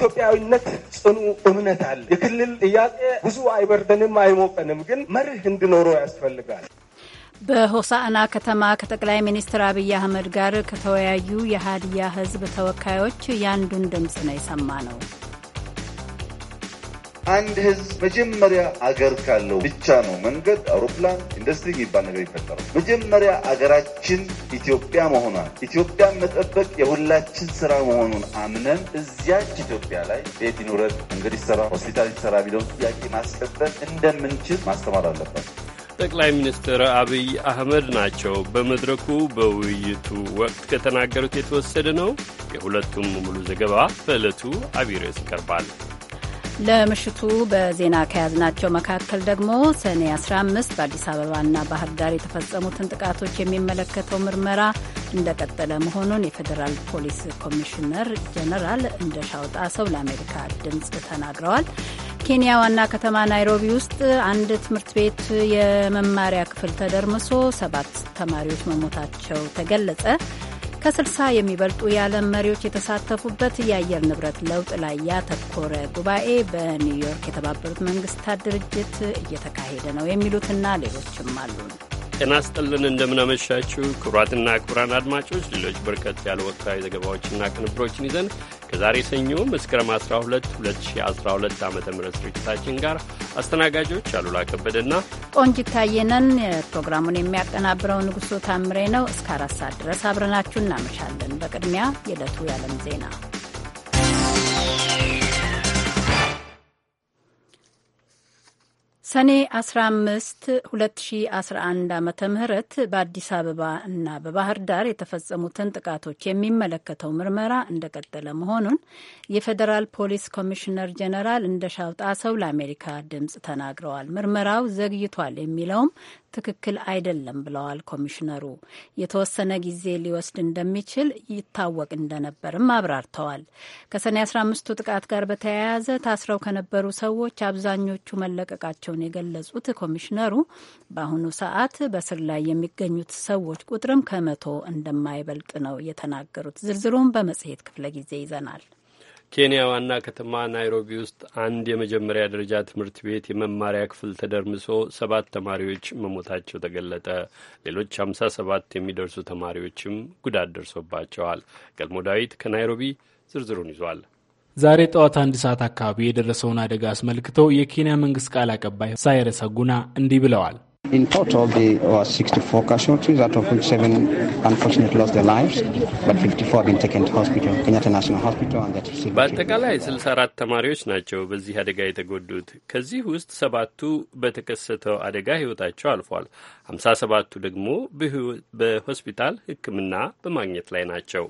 የኢትዮጵያዊነት ጽኑ እምነት አለ። የክልል ጥያቄ ብዙ አይበርደንም፣ አይሞቀንም፣ ግን መርህ እንዲኖረው ያስፈልጋል። በሆሳዕና ከተማ ከጠቅላይ ሚኒስትር አብይ አህመድ ጋር ከተወያዩ የሀዲያ ህዝብ ተወካዮች የአንዱን ድምፅ ነው የሰማ ነው። አንድ ህዝብ መጀመሪያ አገር ካለው ብቻ ነው መንገድ፣ አውሮፕላን፣ ኢንዱስትሪ የሚባል ነገር ይፈጠራል። መጀመሪያ አገራችን ኢትዮጵያ መሆኗን ኢትዮጵያን መጠበቅ የሁላችን ስራ መሆኑን አምነን እዚያች ኢትዮጵያ ላይ ቤት ይኑረን፣ መንገድ ይሰራ፣ ሆስፒታል ይሰራ ቢለውን ጥያቄ ማስቀጠል እንደምንችል ማስተማር አለበት። ጠቅላይ ሚኒስትር አብይ አህመድ ናቸው በመድረኩ በውይይቱ ወቅት ከተናገሩት የተወሰደ ነው። የሁለቱም ሙሉ ዘገባ በዕለቱ አቢሬስ ይቀርባል። ለምሽቱ በዜና ከያዝናቸው መካከል ደግሞ ሰኔ 15 በአዲስ አበባና ባህር ዳር የተፈጸሙትን ጥቃቶች የሚመለከተው ምርመራ እንደቀጠለ መሆኑን የፌዴራል ፖሊስ ኮሚሽነር ጀነራል እንደሻው ጣሰው ለአሜሪካ ድምፅ ተናግረዋል። ኬንያ ዋና ከተማ ናይሮቢ ውስጥ አንድ ትምህርት ቤት የመማሪያ ክፍል ተደርምሶ ሰባት ተማሪዎች መሞታቸው ተገለጸ። ከ60 የሚበልጡ የዓለም መሪዎች የተሳተፉበት የአየር ንብረት ለውጥ ላይ ያተኮረ ጉባኤ በኒውዮርክ የተባበሩት መንግስታት ድርጅት እየተካሄደ ነው የሚሉትና ሌሎችም አሉ። ጤና ስጥልን እንደምናመሻችሁ ክቡራትና ክቡራን አድማጮች ሌሎች በርከት ያሉ ወቅታዊ ዘገባዎችና ቅንብሮችን ይዘን ከዛሬ ሰኞ መስከረም 12 2012 ዓ ም ስርጭታችን ጋር አስተናጋጆች አሉላ ከበደና ቆንጂት ታየነን። ፕሮግራሙን የሚያቀናብረው ንጉሶ ታምሬ ነው። እስከ አራት ሰዓት ድረስ አብረናችሁ እናመሻለን። በቅድሚያ የዕለቱ የዓለም ዜና ሰኔ 15 2011 ዓ ም በአዲስ አበባ እና በባህር ዳር የተፈጸሙትን ጥቃቶች የሚመለከተው ምርመራ እንደቀጠለ መሆኑን የፌዴራል ፖሊስ ኮሚሽነር ጀነራል እንደሻው ጣሰው ለአሜሪካ ድምፅ ተናግረዋል። ምርመራው ዘግይቷል የሚለውም ትክክል አይደለም ብለዋል ኮሚሽነሩ። የተወሰነ ጊዜ ሊወስድ እንደሚችል ይታወቅ እንደነበርም አብራርተዋል። ከሰኔ 15ቱ ጥቃት ጋር በተያያዘ ታስረው ከነበሩ ሰዎች አብዛኞቹ መለቀቃቸው መሆናቸውን የገለጹት ኮሚሽነሩ በአሁኑ ሰዓት በስር ላይ የሚገኙት ሰዎች ቁጥርም ከመቶ እንደማይበልጥ ነው የተናገሩት። ዝርዝሩን በመጽሔት ክፍለ ጊዜ ይዘናል። ኬንያ ዋና ከተማ ናይሮቢ ውስጥ አንድ የመጀመሪያ ደረጃ ትምህርት ቤት የመማሪያ ክፍል ተደርምሶ ሰባት ተማሪዎች መሞታቸው ተገለጠ። ሌሎች ሀምሳ ሰባት የሚደርሱ ተማሪዎችም ጉዳት ደርሶባቸዋል። ገልሞ ዳዊት ከናይሮቢ ዝርዝሩን ይዟል። ዛሬ ጠዋት አንድ ሰዓት አካባቢ የደረሰውን አደጋ አስመልክተው የኬንያ መንግስት ቃል አቀባይ ሳይረስ አጉና እንዲህ ብለዋል። በአጠቃላይ 64 ተማሪዎች ናቸው በዚህ አደጋ የተጎዱት። ከዚህ ውስጥ ሰባቱ በተከሰተው አደጋ ህይወታቸው አልፏል። 57ቱ ደግሞ በሆስፒታል ሕክምና በማግኘት ላይ ናቸው።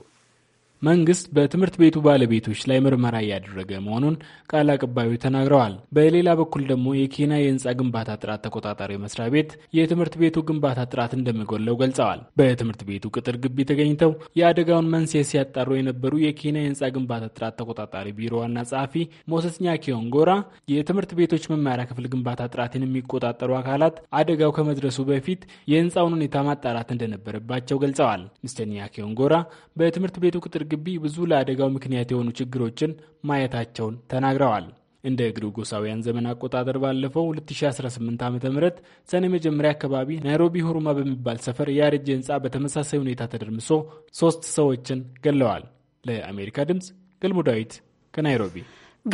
መንግስት በትምህርት ቤቱ ባለቤቶች ላይ ምርመራ እያደረገ መሆኑን ቃል አቀባዩ ተናግረዋል። በሌላ በኩል ደግሞ የኬንያ የህንፃ ግንባታ ጥራት ተቆጣጣሪ መስሪያ ቤት የትምህርት ቤቱ ግንባታ ጥራት እንደሚጎለው ገልጸዋል። በትምህርት ቤቱ ቅጥር ግቢ ተገኝተው የአደጋውን መንስኤ ሲያጣሩ የነበሩ የኬንያ የህንፃ ግንባታ ጥራት ተቆጣጣሪ ቢሮ ዋና ጸሐፊ ሞሰስ ጎራ የትምህርት ቤቶች መማሪያ ክፍል ግንባታ ጥራትን የሚቆጣጠሩ አካላት አደጋው ከመድረሱ በፊት የህንፃውን ሁኔታ ማጣራት እንደነበረባቸው ገልጸዋል። ምስተር ጎራ በትምህርት ቤቱ ቅጥር ግቢ ብዙ ለአደጋው ምክንያት የሆኑ ችግሮችን ማየታቸውን ተናግረዋል። እንደ ግሪጎሳውያን ዘመን አቆጣጠር ባለፈው 2018 ዓ ም ሰኔ መጀመሪያ አካባቢ ናይሮቢ ሁሩማ በሚባል ሰፈር ያረጀ ህንፃ በተመሳሳይ ሁኔታ ተደርምሶ ሶስት ሰዎችን ገለዋል። ለአሜሪካ ድምፅ ገልሞ ዳዊት ከናይሮቢ።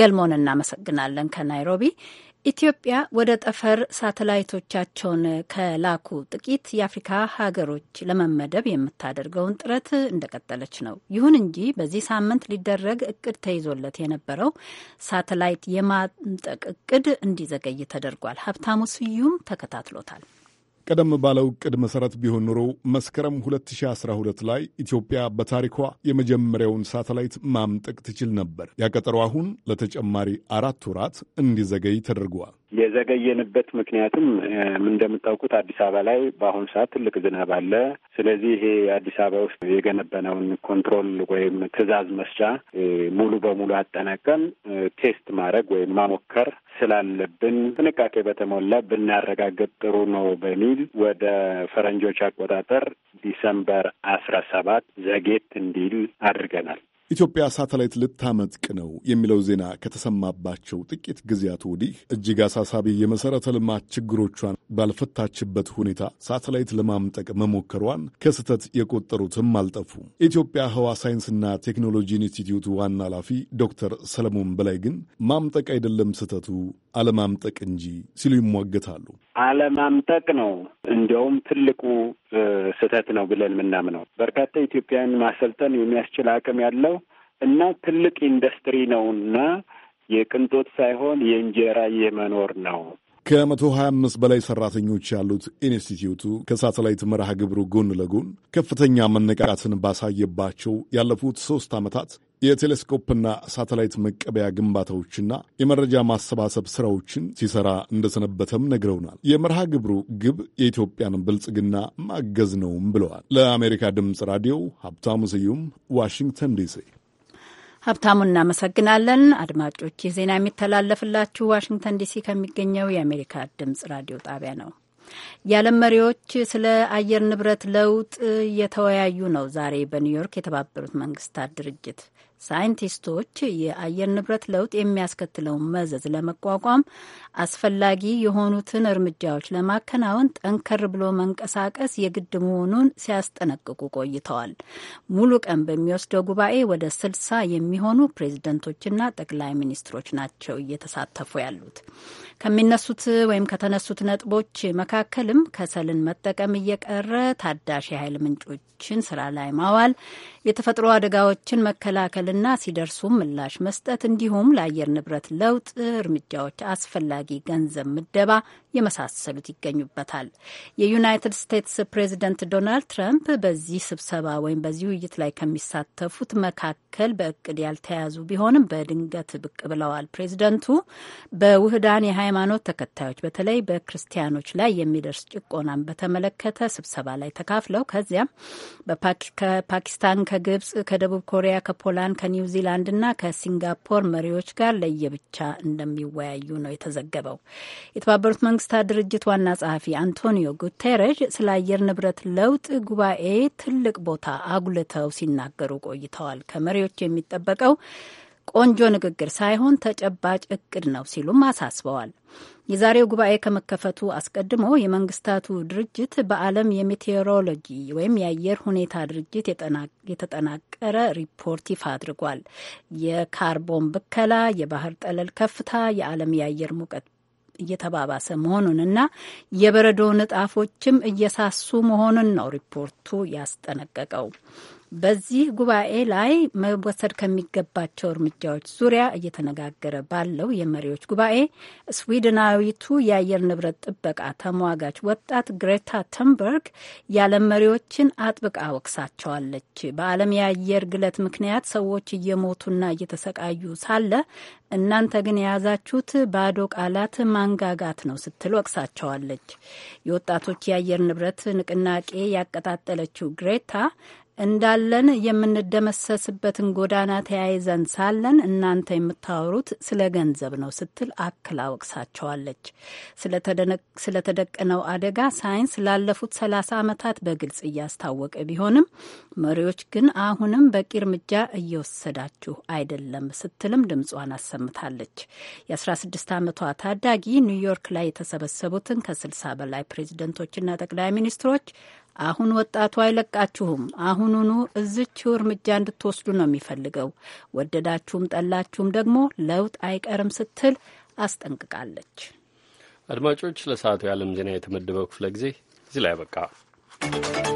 ገልሞን እናመሰግናለን ከናይሮቢ። ኢትዮጵያ ወደ ጠፈር ሳተላይቶቻቸውን ከላኩ ጥቂት የአፍሪካ ሀገሮች ለመመደብ የምታደርገውን ጥረት እንደቀጠለች ነው። ይሁን እንጂ በዚህ ሳምንት ሊደረግ እቅድ ተይዞለት የነበረው ሳተላይት የማምጠቅ እቅድ እንዲዘገይ ተደርጓል። ሀብታሙ ስዩም ተከታትሎታል። ቀደም ባለው ቅድ መሠረት ቢሆን ኖሮ መስከረም 2012 ላይ ኢትዮጵያ በታሪኳ የመጀመሪያውን ሳተላይት ማምጠቅ ትችል ነበር። ያቀጠሮ አሁን ለተጨማሪ አራት ወራት እንዲዘገይ ተደርጓል። የዘገየንበት ምክንያትም እንደምታውቁት አዲስ አበባ ላይ በአሁኑ ሰዓት ትልቅ ዝናብ አለ። ስለዚህ ይሄ አዲስ አበባ ውስጥ የገነበነውን ኮንትሮል ወይም ትዕዛዝ መስጫ ሙሉ በሙሉ አጠናቀን ቴስት ማድረግ ወይም ማሞከር ስላለብን ጥንቃቄ በተሞላ ብናረጋግጥ ጥሩ ነው በሚል ወደ ፈረንጆች አቆጣጠር ዲሰምበር አስራ ሰባት ዘጌት እንዲል አድርገናል። ኢትዮጵያ ሳተላይት ልታመጥቅ ነው የሚለው ዜና ከተሰማባቸው ጥቂት ጊዜያት ወዲህ እጅግ አሳሳቢ የመሠረተ ልማት ችግሮቿን ባልፈታችበት ሁኔታ ሳተላይት ለማምጠቅ መሞከሯን ከስህተት የቆጠሩትም አልጠፉም። የኢትዮጵያ ህዋ ሳይንስና ቴክኖሎጂ ኢንስቲትዩት ዋና ኃላፊ ዶክተር ሰለሞን በላይ ግን ማምጠቅ አይደለም ስህተቱ አለማምጠቅ እንጂ ሲሉ ይሟገታሉ። አለማምጠቅ ነው እንዲያውም ትልቁ ስህተት ነው ብለን የምናምነው። በርካታ ኢትዮጵያን ማሰልጠን የሚያስችል አቅም ያለው እና ትልቅ ኢንዱስትሪ እና የቅንጦት ሳይሆን የእንጀራ የመኖር ነው። ከመቶ ሀያ አምስት በላይ ሰራተኞች ያሉት ኢንስቲትዩቱ ከሳተላይት መርሃ ግብሩ ጎን ለጎን ከፍተኛ መነቃቃትን ባሳየባቸው ያለፉት ሶስት ዓመታት የቴሌስኮፕና ሳተላይት መቀበያ ግንባታዎችና የመረጃ ማሰባሰብ ስራዎችን ሲሰራ እንደሰነበተም ነግረውናል። የመርሃ ግብሩ ግብ የኢትዮጵያን ብልጽግና ማገዝ ነውም ብለዋል። ለአሜሪካ ድምፅ ራዲዮ ሀብታሙ ስዩም ዋሽንግተን ዲሲ። ሀብታሙ እናመሰግናለን። አድማጮች ይህ ዜና የሚተላለፍላችሁ ዋሽንግተን ዲሲ ከሚገኘው የአሜሪካ ድምፅ ራዲዮ ጣቢያ ነው። የዓለም መሪዎች ስለ አየር ንብረት ለውጥ እየተወያዩ ነው ዛሬ በኒውዮርክ የተባበሩት መንግስታት ድርጅት ሳይንቲስቶች የአየር ንብረት ለውጥ የሚያስከትለውን መዘዝ ለመቋቋም አስፈላጊ የሆኑትን እርምጃዎች ለማከናወን ጠንከር ብሎ መንቀሳቀስ የግድ መሆኑን ሲያስጠነቅቁ ቆይተዋል። ሙሉ ቀን በሚወስደው ጉባኤ ወደ ስልሳ የሚሆኑ ፕሬዝደንቶችና ጠቅላይ ሚኒስትሮች ናቸው እየተሳተፉ ያሉት። ከሚነሱት ወይም ከተነሱት ነጥቦች መካከልም ከሰልን መጠቀም እየቀረ ታዳሽ የኃይል ምንጮችን ስራ ላይ ማዋል፣ የተፈጥሮ አደጋዎችን መከላከል መቀበልና ሲደርሱ ምላሽ መስጠት እንዲሁም ለአየር ንብረት ለውጥ እርምጃዎች አስፈላጊ ገንዘብ ምደባ የመሳሰሉት ይገኙበታል። የዩናይትድ ስቴትስ ፕሬዚደንት ዶናልድ ትራምፕ በዚህ ስብሰባ ወይም በዚህ ውይይት ላይ ከሚሳተፉት መካከል በእቅድ ያልተያዙ ቢሆንም በድንገት ብቅ ብለዋል። ፕሬዚደንቱ በውህዳን የሃይማኖት ተከታዮች በተለይ በክርስቲያኖች ላይ የሚደርስ ጭቆናን በተመለከተ ስብሰባ ላይ ተካፍለው ከዚያም ከፓኪስታን፣ ከግብጽ፣ ከደቡብ ኮሪያ፣ ከፖላንድ፣ ከኒውዚላንድ እና ከሲንጋፖር መሪዎች ጋር ለየብቻ እንደሚወያዩ ነው የተዘገበው። የተባበሩት መንግስታት ድርጅት ዋና ጸሐፊ አንቶኒዮ ጉቴሬዥ ስለ አየር ንብረት ለውጥ ጉባኤ ትልቅ ቦታ አጉልተው ሲናገሩ ቆይተዋል። ከመሪዎች የሚጠበቀው ቆንጆ ንግግር ሳይሆን ተጨባጭ እቅድ ነው ሲሉም አሳስበዋል። የዛሬው ጉባኤ ከመከፈቱ አስቀድሞ የመንግስታቱ ድርጅት በዓለም የሜቴሮሎጂ ወይም የአየር ሁኔታ ድርጅት የተጠናቀረ ሪፖርት ይፋ አድርጓል። የካርቦን ብከላ፣ የባህር ጠለል ከፍታ፣ የዓለም የአየር ሙቀት እየተባባሰ መሆኑንና የበረዶ ንጣፎችም እየሳሱ መሆኑን ነው ሪፖርቱ ያስጠነቀቀው። በዚህ ጉባኤ ላይ መወሰድ ከሚገባቸው እርምጃዎች ዙሪያ እየተነጋገረ ባለው የመሪዎች ጉባኤ ስዊድናዊቱ የአየር ንብረት ጥበቃ ተሟጋች ወጣት ግሬታ ተንበርግ የዓለም መሪዎችን አጥብቃ ወቅሳቸዋለች። በዓለም የአየር ግለት ምክንያት ሰዎች እየሞቱና እየተሰቃዩ ሳለ እናንተ ግን የያዛችሁት ባዶ ቃላት ማንጋጋት ነው ስትል ወቅሳቸዋለች። የወጣቶች የአየር ንብረት ንቅናቄ ያቀጣጠለችው ግሬታ እንዳለን የምንደመሰስበትን ጎዳና ተያይዘን ሳለን እናንተ የምታወሩት ስለ ገንዘብ ነው ስትል አክላ ወቅሳቸዋለች። ስለተደቀነው አደጋ ሳይንስ ላለፉት ሰላሳ ዓመታት በግልጽ እያስታወቀ ቢሆንም መሪዎች ግን አሁንም በቂ እርምጃ እየወሰዳችሁ አይደለም ስትልም ድምጿን አሰምታለች። የ16 ዓመቷ ታዳጊ ኒውዮርክ ላይ የተሰበሰቡትን ከ60 በላይ ፕሬዚደንቶችና ጠቅላይ ሚኒስትሮች አሁን ወጣቱ አይለቃችሁም። አሁኑኑ እዝችው እርምጃ እንድትወስዱ ነው የሚፈልገው። ወደዳችሁም ጠላችሁም ደግሞ ለውጥ አይቀርም ስትል አስጠንቅቃለች። አድማጮች፣ ለሰዓቱ የዓለም ዜና የተመደበው ክፍለ ጊዜ እዚህ ላይ you.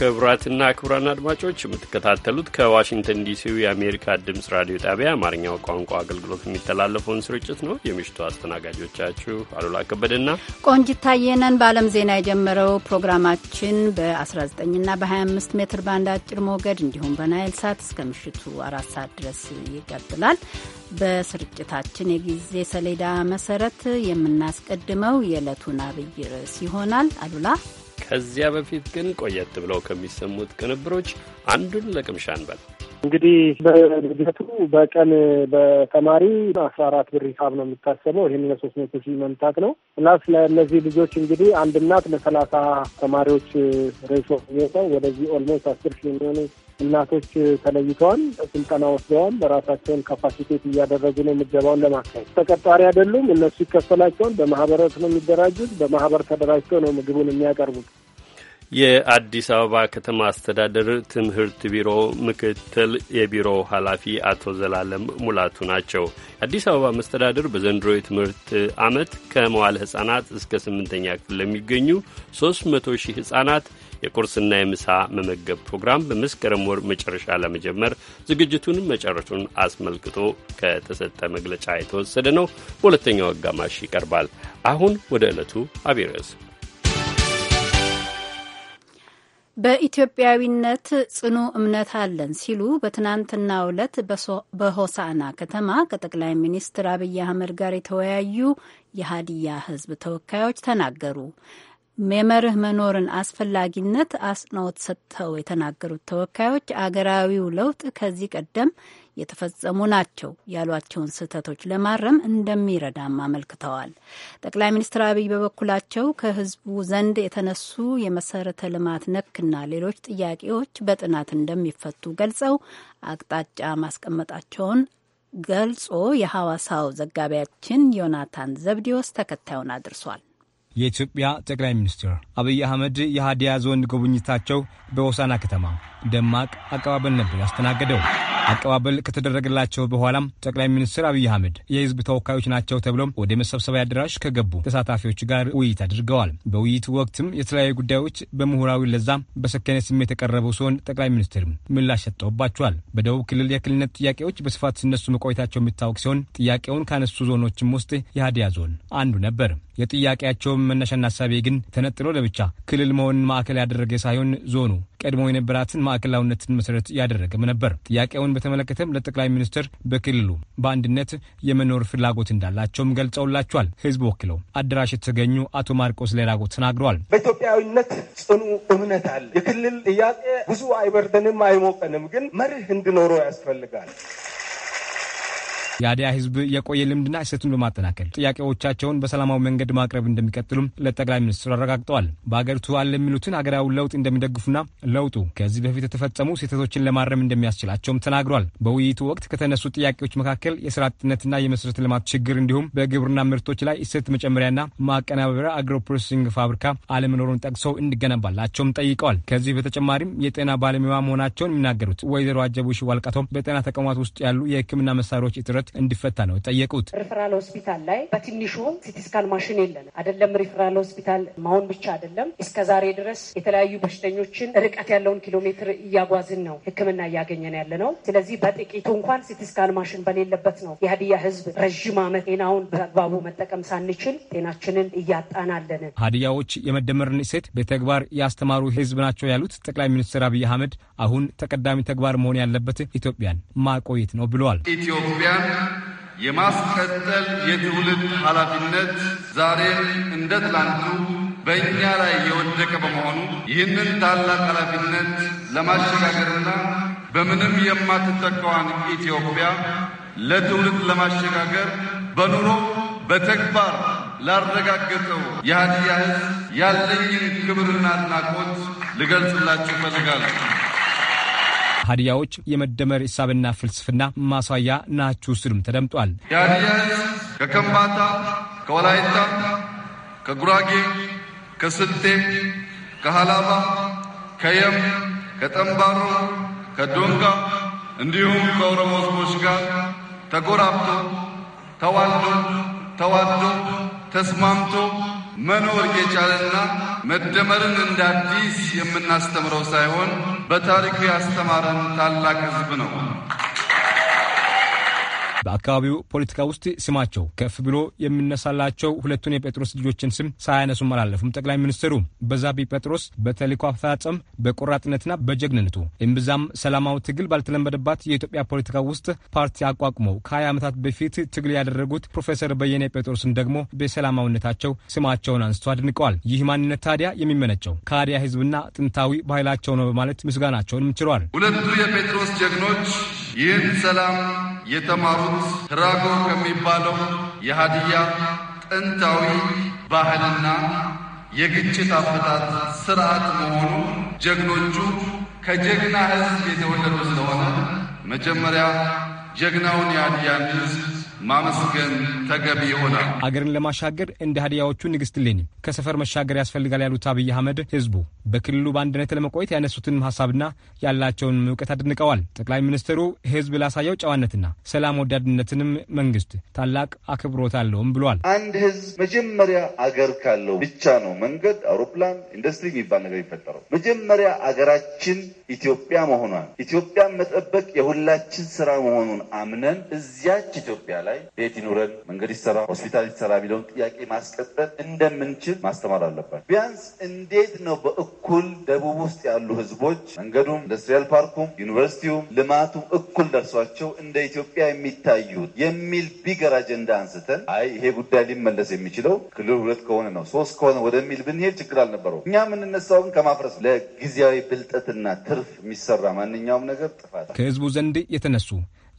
ክቡራትና ክቡራን አድማጮች የምትከታተሉት ከዋሽንግተን ዲሲው የአሜሪካ ድምፅ ራዲዮ ጣቢያ አማርኛው ቋንቋ አገልግሎት የሚተላለፈውን ስርጭት ነው። የምሽቱ አስተናጋጆቻችሁ አሉላ ከበደና ቆንጂት ታየ በዓለም ዜና የጀመረው ፕሮግራማችን በ19ና በ25 ሜትር ባንድ አጭር ሞገድ እንዲሁም በናይል ሳት እስከ ምሽቱ አራት ሰዓት ድረስ ይቀጥላል። በስርጭታችን የጊዜ ሰሌዳ መሰረት የምናስቀድመው የዕለቱን አብይ ርዕስ ይሆናል። አሉላ ከዚያ በፊት ግን ቆየት ብለው ከሚሰሙት ቅንብሮች አንዱን ለቅምሻ እንበል። እንግዲህ በድርጅቱ በቀን በተማሪ አስራ አራት ብር ሂሳብ ነው የሚታሰበው። ይህን ለሶስት መቶ ሺህ መምታት ነው። ፕላስ ለእነዚህ ልጆች እንግዲህ አንድ እናት ለሰላሳ ተማሪዎች ሬሾ የሚወጣው ወደዚህ ኦልሞስት አስር ሺህ የሚሆኑ እናቶች ተለይተዋል፣ ስልጠና ወስደዋል። በራሳቸውን ካፓሲቴት እያደረጉ ነው የምገባውን ለማካሄድ። ተቀጣሪ አይደሉም እነሱ ይከፈላቸውን በማህበረት ነው የሚደራጁት። በማህበር ተደራጅተው ነው ምግቡን የሚያቀርቡት። የአዲስ አበባ ከተማ አስተዳደር ትምህርት ቢሮ ምክትል የቢሮ ኃላፊ አቶ ዘላለም ሙላቱ ናቸው። የአዲስ አበባ መስተዳደር በዘንድሮ የትምህርት ዓመት ከመዋለ ሕፃናት እስከ ስምንተኛ ክፍል ለሚገኙ 300 ሺህ ሕፃናት የቁርስና የምሳ መመገብ ፕሮግራም በመስከረም ወር መጨረሻ ለመጀመር ዝግጅቱን መጨረሱን አስመልክቶ ከተሰጠ መግለጫ የተወሰደ ነው። በሁለተኛው አጋማሽ ይቀርባል። አሁን ወደ ዕለቱ አብይ ርዕስ በኢትዮጵያዊነት ጽኑ እምነት አለን ሲሉ በትናንትናው ዕለት በሆሳና ከተማ ከጠቅላይ ሚኒስትር አብይ አህመድ ጋር የተወያዩ የሀዲያ ሕዝብ ተወካዮች ተናገሩ። የመርህ መኖርን አስፈላጊነት አጽንኦት ሰጥተው የተናገሩት ተወካዮች አገራዊው ለውጥ ከዚህ ቀደም የተፈጸሙ ናቸው ያሏቸውን ስህተቶች ለማረም እንደሚረዳም አመልክተዋል። ጠቅላይ ሚኒስትር አብይ በበኩላቸው ከህዝቡ ዘንድ የተነሱ የመሰረተ ልማት ነክና ሌሎች ጥያቄዎች በጥናት እንደሚፈቱ ገልጸው አቅጣጫ ማስቀመጣቸውን ገልጾ የሐዋሳው ዘጋቢያችን ዮናታን ዘብዲዎስ ተከታዩን አድርሷል። የኢትዮጵያ ጠቅላይ ሚኒስትር አብይ አህመድ የሃዲያ ዞን ጉብኝታቸው በሆሳና ከተማ ደማቅ አቀባበል ነበር ያስተናገደው። አቀባበል ከተደረገላቸው በኋላም ጠቅላይ ሚኒስትር አብይ አህመድ የህዝብ ተወካዮች ናቸው ተብሎም ወደ መሰብሰቢያ አዳራሽ ከገቡ ተሳታፊዎች ጋር ውይይት አድርገዋል። በውይይቱ ወቅትም የተለያዩ ጉዳዮች በምሁራዊ ለዛ በሰከነ ስሜት የቀረቡ ሲሆን ጠቅላይ ሚኒስትር ምላሽ ሰጥተውባቸዋል። በደቡብ ክልል የክልልነት ጥያቄዎች በስፋት ሲነሱ መቆየታቸው የሚታወቅ ሲሆን ጥያቄውን ካነሱ ዞኖችም ውስጥ የሃዲያ ዞን አንዱ ነበር። የጥያቄያቸው የሪፎርም መነሻና ሀሳቤ ግን ተነጥሎ ለብቻ ክልል መሆን ማዕከል ያደረገ ሳይሆን ዞኑ ቀድሞ የነበራትን ማዕከላዊነትን መሰረት ያደረገም ነበር። ጥያቄውን በተመለከተም ለጠቅላይ ሚኒስትር በክልሉ በአንድነት የመኖር ፍላጎት እንዳላቸውም ገልጸውላቸዋል። ህዝብ ወክለው አዳራሽ የተገኙ አቶ ማርቆስ ሌራጎ ተናግረዋል። በኢትዮጵያዊነት ጽኑ እምነት አለ። የክልል ጥያቄ ብዙ አይበርደንም፣ አይሞቀንም፣ ግን መርህ እንዲኖረው ያስፈልጋል። የአደያ ህዝብ የቆየ ልምድና እሴቱን በማጠናከል ጥያቄዎቻቸውን በሰላማዊ መንገድ ማቅረብ እንደሚቀጥሉም ለጠቅላይ ሚኒስትሩ አረጋግጠዋል። በአገሪቱ አለ የሚሉትን አገራዊ ለውጥ እንደሚደግፉና ለውጡ ከዚህ በፊት የተፈጸሙ ስህተቶችን ለማረም እንደሚያስችላቸውም ተናግሯል። በውይይቱ ወቅት ከተነሱ ጥያቄዎች መካከል የስራ አጥነትና የመሰረተ ልማት ችግር እንዲሁም በግብርና ምርቶች ላይ እሴት መጨመሪያና ማቀናበሪያ አግሮፕሮሴሲንግ ፋብሪካ አለመኖሩን ጠቅሰው እንዲገነባላቸውም ጠይቀዋል። ከዚህ በተጨማሪም የጤና ባለሙያ መሆናቸውን የሚናገሩት ወይዘሮ አጀቡሽ ሺዋልቃቶም በጤና ተቋማት ውስጥ ያሉ የህክምና መሳሪያዎች እጥረት እንዲፈታ ነው የጠየቁት። ሪፈራል ሆስፒታል ላይ በትንሹ ሲቲስካን ማሽን የለን አይደለም። ሪፈራል ሆስፒታል ማሆን ብቻ አይደለም። እስከ ዛሬ ድረስ የተለያዩ በሽተኞችን ርቀት ያለውን ኪሎ ሜትር እያጓዝን ነው ህክምና እያገኘን ያለ ነው። ስለዚህ በጥቂቱ እንኳን ሲቲስካን ማሽን በሌለበት ነው የሀዲያ ህዝብ ረዥም ዓመት ጤናውን በአግባቡ መጠቀም ሳንችል ጤናችንን እያጣናለን። ሀዲያዎች የመደመርን እሴት በተግባር ያስተማሩ ህዝብ ናቸው ያሉት ጠቅላይ ሚኒስትር አብይ አህመድ አሁን ተቀዳሚ ተግባር መሆን ያለበት ኢትዮጵያን ማቆየት ነው ብለዋል። ኢትዮጵያን የማስቀጠል የትውልድ ኃላፊነት ዛሬ እንደ ትላንቱ በእኛ ላይ የወደቀ በመሆኑ ይህንን ታላቅ ኃላፊነት ለማሸጋገርና በምንም የማትተካዋን ኢትዮጵያ ለትውልድ ለማሸጋገር በኑሮ በተግባር ላረጋገጠው የሀዲያ ሕዝብ ያለኝን ክብርና አድናቆት ልገልጽላችሁ እፈልጋለሁ። ሀዲያዎች የመደመር ሂሳብና ፍልስፍና ማሳያ ናችሁ ስሉም ተደምጧል። የሀዲያ ሕዝብ ከከምባታ፣ ከወላይታ፣ ከጉራጌ፣ ከስልጤ፣ ከሀላባ፣ ከየም፣ ከጠምባሮ፣ ከዶንጋ እንዲሁም ከኦሮሞ ጋር ተጎራብቶ ተዋልዶ ተዋዶ ተስማምቶ መኖር የቻለና መደመርን እንደ አዲስ የምናስተምረው ሳይሆን በታሪኩ ያስተማረን ታላቅ ሕዝብ ነው። በአካባቢው ፖለቲካ ውስጥ ስማቸው ከፍ ብሎ የሚነሳላቸው ሁለቱን የጴጥሮስ ልጆችን ስም ሳያነሱም አላለፉም። ጠቅላይ ሚኒስትሩ በዛቢ ጴጥሮስ በተልዕኮ አፈጻጸም በቆራጥነትና በጀግንነቱ እምብዛም ሰላማዊ ትግል ባልተለመደባት የኢትዮጵያ ፖለቲካ ውስጥ ፓርቲ አቋቁመው ከ20 ዓመታት በፊት ትግል ያደረጉት ፕሮፌሰር በየነ ጴጥሮስን ደግሞ በሰላማዊነታቸው ስማቸውን አንስቶ አድንቀዋል። ይህ ማንነት ታዲያ የሚመነጨው ከሃዲያ ህዝብና ጥንታዊ ባህላቸው ነው በማለት ምስጋናቸውንም ችሏል። ሁለቱ የጴጥሮስ ጀግኖች ይህን ሰላም የተማሩት ትራጎ ከሚባለው የሀዲያ ጥንታዊ ባህልና የግጭት አፈታት ስርዓት መሆኑ ጀግኖቹ ከጀግና ህዝብ የተወለዱ ስለሆነ መጀመሪያ ጀግናውን የሀዲያን ህዝብ ማመስገን ተገቢ ይሆናል። አገርን ለማሻገር እንደ ሀዲያዎቹ ንግስት ከሰፈር መሻገር ያስፈልጋል ያሉት አብይ አህመድ ህዝቡ በክልሉ በአንድነት ለመቆየት ያነሱትን ሀሳብና ያላቸውን እውቀት አድንቀዋል። ጠቅላይ ሚኒስትሩ ህዝብ ላሳየው ጨዋነትና ሰላም ወዳድነትንም መንግስት ታላቅ አክብሮት አለውም ብሏል። አንድ ህዝብ መጀመሪያ አገር ካለው ብቻ ነው መንገድ፣ አውሮፕላን፣ ኢንዱስትሪ የሚባል ነገር የሚፈጠረው። መጀመሪያ አገራችን ኢትዮጵያ መሆኗን ኢትዮጵያን መጠበቅ የሁላችን ስራ መሆኑን አምነን እዚያች ኢትዮጵያ ላይ ላይ ቤት ይኑረን፣ መንገድ ይሰራ፣ ሆስፒታል ይሰራ የሚለውን ጥያቄ ማስቀጠል እንደምንችል ማስተማር አለባቸው። ቢያንስ እንዴት ነው በእኩል ደቡብ ውስጥ ያሉ ህዝቦች መንገዱም፣ ኢንዱስትሪያል ፓርኩም፣ ዩኒቨርሲቲውም፣ ልማቱም እኩል ደርሷቸው እንደ ኢትዮጵያ የሚታዩት የሚል ቢገር አጀንዳ አንስተን አይ ይሄ ጉዳይ ሊመለስ የሚችለው ክልል ሁለት ከሆነ ነው ሶስት ከሆነ ወደሚል ብንሄድ ችግር አልነበረው። እኛ የምንነሳውን ከማፍረስ ለጊዜያዊ ብልጠትና ትርፍ የሚሰራ ማንኛውም ነገር ጥፋት ከህዝቡ ዘንድ የተነሱ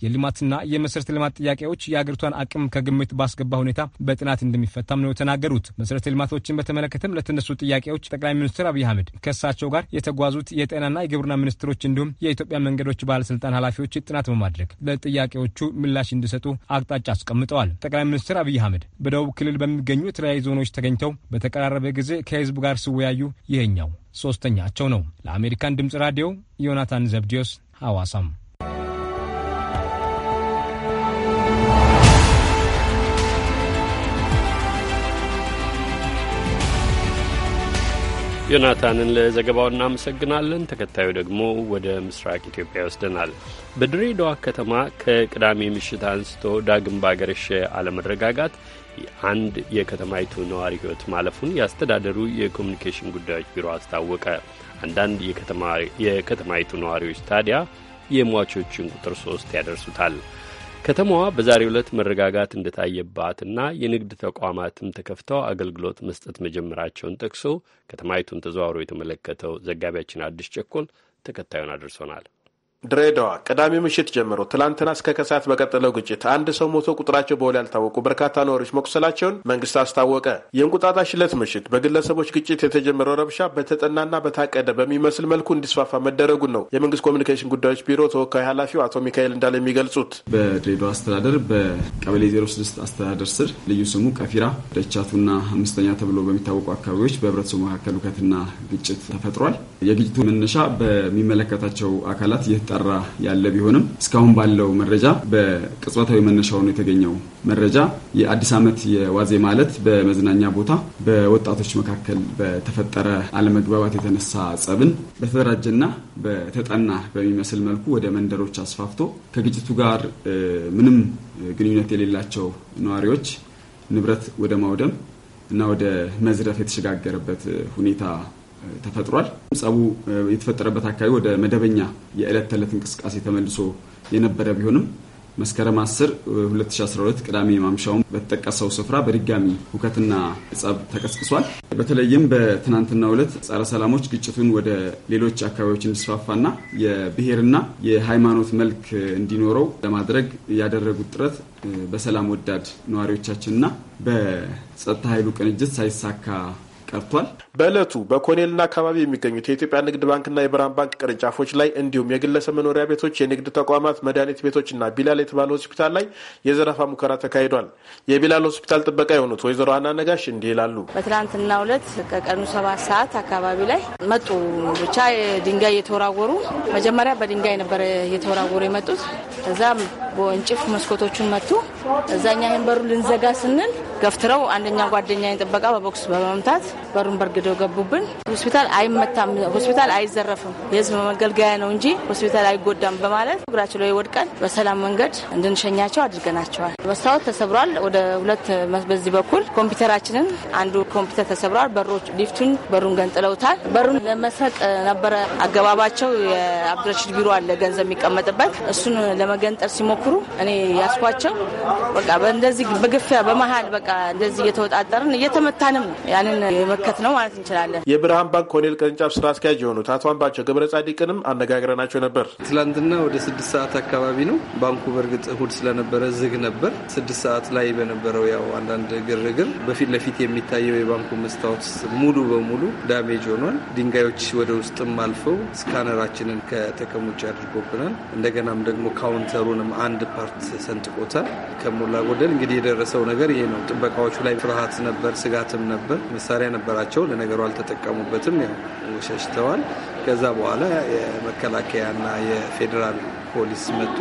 የልማትና የመሰረተ ልማት ጥያቄዎች የአገሪቷን አቅም ከግምት ባስገባ ሁኔታ በጥናት እንደሚፈታም ነው የተናገሩት። መሰረተ ልማቶችን በተመለከተም ለተነሱ ጥያቄዎች ጠቅላይ ሚኒስትር አብይ አህመድ ከእሳቸው ጋር የተጓዙት የጤናና የግብርና ሚኒስትሮች እንዲሁም የኢትዮጵያ መንገዶች ባለስልጣን ኃላፊዎች ጥናት በማድረግ ለጥያቄዎቹ ምላሽ እንዲሰጡ አቅጣጫ አስቀምጠዋል። ጠቅላይ ሚኒስትር አብይ አህመድ በደቡብ ክልል በሚገኙ የተለያዩ ዞኖች ተገኝተው በተቀራረበ ጊዜ ከህዝብ ጋር ሲወያዩ ይሄኛው ሶስተኛቸው ነው። ለአሜሪካን ድምፅ ራዲዮ ዮናታን ዘብዲዮስ ሐዋሳም ዮናታንን ለዘገባው እናመሰግናለን። ተከታዩ ደግሞ ወደ ምስራቅ ኢትዮጵያ ይወስደናል። በድሬዳዋ ከተማ ከቅዳሜ ምሽት አንስቶ ዳግም ባገረሸ አለመረጋጋት አንድ የከተማይቱ ነዋሪ ሕይወት ማለፉን የአስተዳደሩ የኮሚኒኬሽን ጉዳዮች ቢሮ አስታወቀ። አንዳንድ የከተማይቱ ነዋሪዎች ታዲያ የሟቾችን ቁጥር ሶስት ያደርሱታል። ከተማዋ በዛሬው ዕለት መረጋጋት እንደታየባትና የንግድ ተቋማትም ተከፍተው አገልግሎት መስጠት መጀመራቸውን ጠቅሶ ከተማይቱን ተዘዋውሮ የተመለከተው ዘጋቢያችን አዲስ ቸኮል ተከታዩን አድርሶናል። ድሬዳዋ ቅዳሜ ምሽት ጀምሮ ትላንትና እስከ ከሰዓት በቀጠለው ግጭት አንድ ሰው ሞቶ ቁጥራቸው በውል ያልታወቁ በርካታ ነዋሪዎች መቁሰላቸውን መንግስት አስታወቀ። የእንቁጣጣሽ ዕለት ምሽት በግለሰቦች ግጭት የተጀመረው ረብሻ በተጠናና በታቀደ በሚመስል መልኩ እንዲስፋፋ መደረጉን ነው የመንግስት ኮሚኒኬሽን ጉዳዮች ቢሮ ተወካይ ኃላፊው አቶ ሚካኤል እንዳለ የሚገልጹት። በድሬዳዋ አስተዳደር በቀበሌ 06 አስተዳደር ስር ልዩ ስሙ ቀፊራ ደቻቱና አምስተኛ ተብሎ በሚታወቁ አካባቢዎች በህብረተሰቡ መካከል ውከትና ግጭት ተፈጥሯል። የግጭቱ መነሻ በሚመለከታቸው አካላት እየተጠራ ያለ ቢሆንም እስካሁን ባለው መረጃ በቅጽበታዊ መነሻ ሆኖ የተገኘው መረጃ የአዲስ ዓመት የዋዜ ማለት በመዝናኛ ቦታ በወጣቶች መካከል በተፈጠረ አለመግባባት የተነሳ ጸብን በተደራጀና በተጠና በሚመስል መልኩ ወደ መንደሮች አስፋፍቶ ከግጭቱ ጋር ምንም ግንኙነት የሌላቸው ነዋሪዎች ንብረት ወደ ማውደም እና ወደ መዝረፍ የተሸጋገረበት ሁኔታ ተፈጥሯል። ጸቡ የተፈጠረበት አካባቢ ወደ መደበኛ የዕለት ተዕለት እንቅስቃሴ ተመልሶ የነበረ ቢሆንም መስከረም 10 2012 ቅዳሜ ማምሻውን በተጠቀሰው ስፍራ በድጋሚ ሁከትና ጸብ ተቀስቅሷል። በተለይም በትናንትናው ዕለት ጸረ ሰላሞች ግጭቱን ወደ ሌሎች አካባቢዎች እንዲስፋፋና የብሔርና የሃይማኖት መልክ እንዲኖረው ለማድረግ ያደረጉት ጥረት በሰላም ወዳድ ነዋሪዎቻችንና በጸጥታ ኃይሉ ቅንጅት ሳይሳካ ቀርቷል። በዕለቱ በኮኔልና አካባቢ የሚገኙት የኢትዮጵያ ንግድ ባንክና የብርሃን ባንክ ቅርንጫፎች ላይ እንዲሁም የግለሰብ መኖሪያ ቤቶች፣ የንግድ ተቋማት፣ መድኃኒት ቤቶችና ቢላል የተባለ ሆስፒታል ላይ የዘረፋ ሙከራ ተካሂዷል። የቢላል ሆስፒታል ጥበቃ የሆኑት ወይዘሮ አና ነጋሽ እንዲህ ይላሉ። በትናንትናው ዕለት ከቀኑ ሰባት ሰዓት አካባቢ ላይ መጡ። ብቻ ድንጋይ እየተወራወሩ መጀመሪያ በድንጋይ ነበረ እየተወራወሩ የመጡት። እዛም በእንጭፍ መስኮቶቹን መቱ። እዛኛ ይህን በሩ ልንዘጋ ስንል ገፍትረው አንደኛ ጓደኛ ጥበቃ በቦክስ በመምታት በሩን በርግ አስገድደው ገቡብን። ሆስፒታል አይመታም፣ ሆስፒታል አይዘረፍም፣ የህዝብ መገልገያ ነው እንጂ ሆስፒታል አይጎዳም በማለት እግራቸው ላይ ወድቀን በሰላም መንገድ እንድንሸኛቸው አድርገናቸዋል። መስታወት ተሰብሯል። ወደ ሁለት በዚህ በኩል ኮምፒውተራችንን አንዱ ኮምፒውተር ተሰብሯል። በሮች ሊፍቱን በሩን ገንጥለውታል። በሩን ለመስረቅ ነበረ አገባባቸው። የአብዱረሽድ ቢሮ አለ ገንዘብ የሚቀመጥበት እሱን ለመገንጠል ሲሞክሩ እኔ ያስኳቸው በቃ በእንደዚህ በግፊያ በመሀል በቃ እንደዚህ እየተወጣጠርን እየተመታንም ያንን የመከት ነው ማለት ማንሳት እንችላለን። የብርሃን ባንክ ኮኔል ቅርንጫፍ ስራ አስኪያጅ የሆኑት አቶ አንባቸው ገብረ ጻዲቅንም አነጋግረናቸው ነበር። ትላንትና ወደ ስድስት ሰዓት አካባቢ ነው። ባንኩ በእርግጥ እሁድ ስለነበረ ዝግ ነበር። ስድስት ሰዓት ላይ በነበረው ያው አንዳንድ ግርግር በፊት ለፊት የሚታየው የባንኩ መስታወት ሙሉ በሙሉ ዳሜጅ ሆኗል። ድንጋዮች ወደ ውስጥም አልፈው ስካነራችንን ከጥቅም ውጭ አድርጎብናል። እንደገናም ደግሞ ካውንተሩንም አንድ ፓርት ሰንጥቆታል። ከሞላ ጎደል እንግዲህ የደረሰው ነገር ይሄ ነው። ጥበቃዎቹ ላይ ፍርሃት ነበር፣ ስጋትም ነበር። መሳሪያ ነበራቸው ነገሩ አልተጠቀሙበትም፣ ያው ሸሽተዋል። ከዛ በኋላ የመከላከያና የፌዴራል ፖሊስ መጥቶ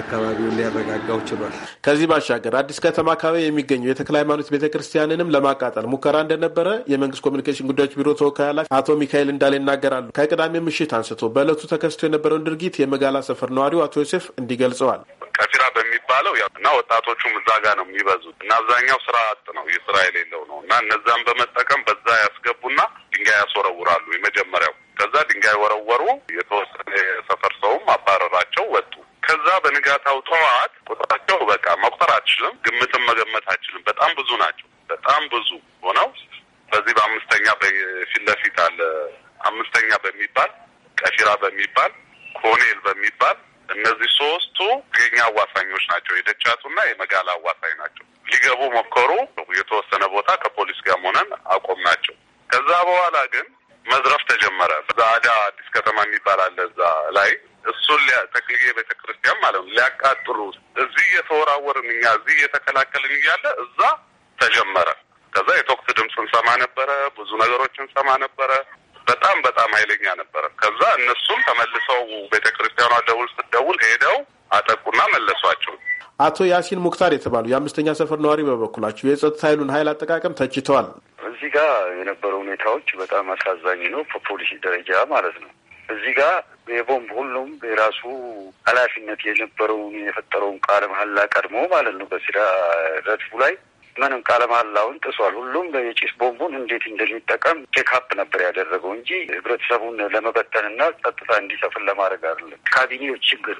አካባቢውን ሊያረጋጋው ችሏል። ከዚህ ባሻገር አዲስ ከተማ አካባቢ የሚገኘው የተክለ ሃይማኖት ቤተ ክርስቲያንንም ለማቃጠል ሙከራ እንደነበረ የመንግስት ኮሚኒኬሽን ጉዳዮች ቢሮ ተወካይ ኃላፊ አቶ ሚካኤል እንዳለ ይናገራሉ። ከቅዳሜ ምሽት አንስቶ በእለቱ ተከስቶ የነበረውን ድርጊት የመጋላ ሰፈር ነዋሪው አቶ ዮሴፍ እንዲህ ገልጸዋል። ከፊራ በሚባለው እና ወጣቶቹም እዛ ጋር ነው የሚበዙት እና አብዛኛው ስራ አጥ ነው ስራ የሌለው ነው እና እነዛን በመጠቀም በዛ ያስገቡና ድንጋይ ያስወረውራሉ። የመጀመሪያው ከዛ ድንጋይ ወረወሩ። የተወሰነ የሰፈር ሰውም አባረራቸው ወጡ። ከዛ በንጋታው ጠዋት ቁጥራቸው በቃ መቁጠር አትችልም፣ ግምትም መገመት አትችልም። በጣም ብዙ ናቸው። በጣም ብዙ ሆነው በዚህ በአምስተኛ በፊት ለፊት አለ አምስተኛ በሚባል ቀፊራ በሚባል ኮኔል በሚባል እነዚህ ሶስቱ የኛ አዋሳኞች ናቸው። የደቻቱና የመጋላ አዋሳኝ ናቸው። ሊገቡ ሞከሩ። የተወሰነ ቦታ ከፖሊስ ጋር ሆነን አቆም ናቸው። ከዛ በኋላ ግን መዝረፍ ተጀመረ። ዛዳ አዲስ ከተማ የሚባል አለ እዛ ላይ እሱን ተክልዬ ቤተ ክርስቲያን ማለት ነው ሊያቃጥሉ እዚህ እየተወራወርን እኛ እዚህ እየተከላከልን እያለ እዛ ተጀመረ። ከዛ የተኩስ ድምፅ እንሰማ ነበረ፣ ብዙ ነገሮች እንሰማ ነበረ። በጣም በጣም ኃይለኛ ነበረ። ከዛ እነሱም ተመልሰው ቤተ ክርስቲያኗ ደውል ስደውል ሄደው አጠቁና መለሷቸው። አቶ ያሲን ሙክታር የተባሉ የአምስተኛ ሰፈር ነዋሪ በበኩላቸው የጸጥታ ኃይሉን ኃይል አጠቃቀም ተችተዋል። እዚህ ጋር የነበረው ሁኔታዎች በጣም አሳዛኝ ነው፣ በፖሊሲ ደረጃ ማለት ነው። እዚህ ጋር የቦምብ ሁሉም የራሱ ኃላፊነት የነበረውን የፈጠረውን ቃለ መሀላ ቀድሞ ማለት ነው በሲዳ ረድፉ ላይ ምንም ቃለ መሃላውን ጥሷል። ሁሉም የጭስ ቦምቡን እንዴት እንደሚጠቀም ቼክአፕ ነበር ያደረገው እንጂ ህብረተሰቡን ለመበተንና ጸጥታ እንዲሰፍን ለማድረግ አይደለም። ካቢኔዎች ችግር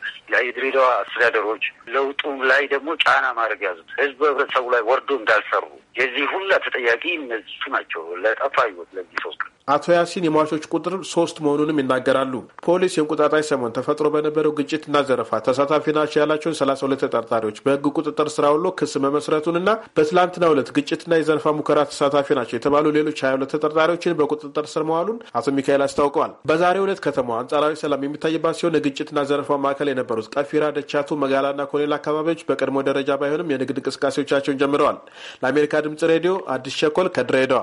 የድሬዳዋ አስተዳደሮች ለውጡ ላይ ደግሞ ጫና ማድረግ ያዙት ህዝብ ህብረተሰቡ ላይ ወርዶ እንዳልሰሩ የዚህ ሁላ ተጠያቂ እነሱ ናቸው። ለጠፋ ህይወት ለዚህ ሶስት አቶ ያሲን የሟቾች ቁጥር ሶስት መሆኑንም ይናገራሉ። ፖሊስ የእንቁጣጣሽ ሰሞን ተፈጥሮ በነበረው ግጭትና ዘረፋ ተሳታፊ ናቸው ያላቸውን ሰላሳ ሁለት ተጠርጣሪዎች በህግ ቁጥጥር ስራ ውሎ ክስ መመስረቱንና በትላ በትላንትና ሁለት ግጭትና የዘንፋ ሙከራ ተሳታፊ ናቸው የተባሉ ሌሎች ሁለት ተጠርጣሪዎችን በቁጥጥር ስር መዋሉን አቶ ሚካኤል አስታውቀዋል። በዛሬው ዕለት ከተማዋ አንጻራዊ ሰላም የሚታይባት ሲሆን የግጭትና ዘንፋ ማዕከል የነበሩት ቀፊራ፣ ደቻቱ፣ መጋላና ኮሌላ አካባቢዎች በቀድሞ ደረጃ ባይሆንም የንግድ እንቅስቃሴዎቻቸውን ጀምረዋል። ለአሜሪካ ድምጽ ሬዲዮ አዲስ ሸኮል ከድሬዳዋ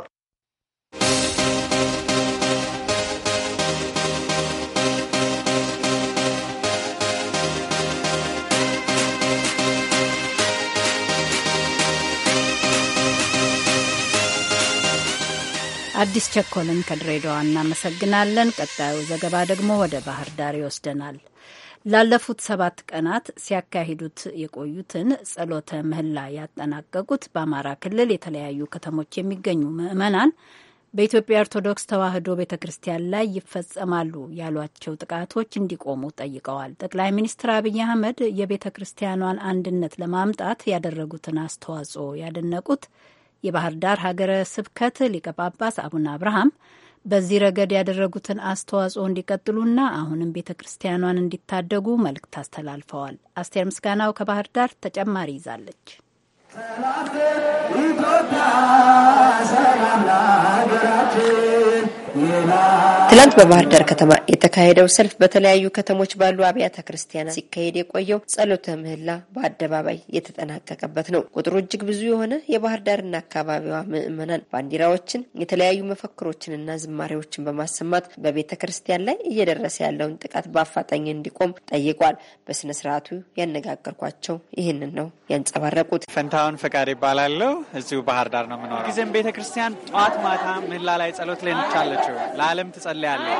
አዲስ ቸኮልን ከድሬዳዋ እናመሰግናለን። ቀጣዩ ዘገባ ደግሞ ወደ ባህር ዳር ይወስደናል። ላለፉት ሰባት ቀናት ሲያካሂዱት የቆዩትን ጸሎተ ምህላ ያጠናቀቁት በአማራ ክልል የተለያዩ ከተሞች የሚገኙ ምዕመናን በኢትዮጵያ ኦርቶዶክስ ተዋሕዶ ቤተ ክርስቲያን ላይ ይፈጸማሉ ያሏቸው ጥቃቶች እንዲቆሙ ጠይቀዋል። ጠቅላይ ሚኒስትር አብይ አህመድ የቤተ ክርስቲያኗን አንድነት ለማምጣት ያደረጉትን አስተዋጽኦ ያደነቁት የባህር ዳር ሀገረ ስብከት ሊቀ ጳጳስ አቡነ አብርሃም በዚህ ረገድ ያደረጉትን አስተዋጽኦ እንዲቀጥሉና አሁንም ቤተ ክርስቲያኗን እንዲታደጉ መልእክት አስተላልፈዋል። አስቴር ምስጋናው ከባህር ዳር ተጨማሪ ይዛለች። ትላንት በባህር ዳር ከተማ የተካሄደው ሰልፍ በተለያዩ ከተሞች ባሉ አብያተ ክርስቲያናት ሲካሄድ የቆየው ጸሎተ ምህላ በአደባባይ የተጠናቀቀበት ነው። ቁጥሩ እጅግ ብዙ የሆነ የባህር ዳርና አካባቢዋ ምዕመናን ባንዲራዎችን፣ የተለያዩ መፈክሮችንና ዝማሬዎችን በማሰማት በቤተ ክርስቲያን ላይ እየደረሰ ያለውን ጥቃት በአፋጣኝ እንዲቆም ጠይቋል። በስነ ስርዓቱ ያነጋገርኳቸው ይህንን ነው ያንጸባረቁት። ፈንታውን ፈቃድ ይባላለሁ። እዚሁ ባህር ዳር ነው የምኖረው። ጊዜም ቤተ ክርስቲያን ጠዋት ማታ ምህላ ላይ ጸሎት ላይ ነች ለአለም ትጸልያ ያለው።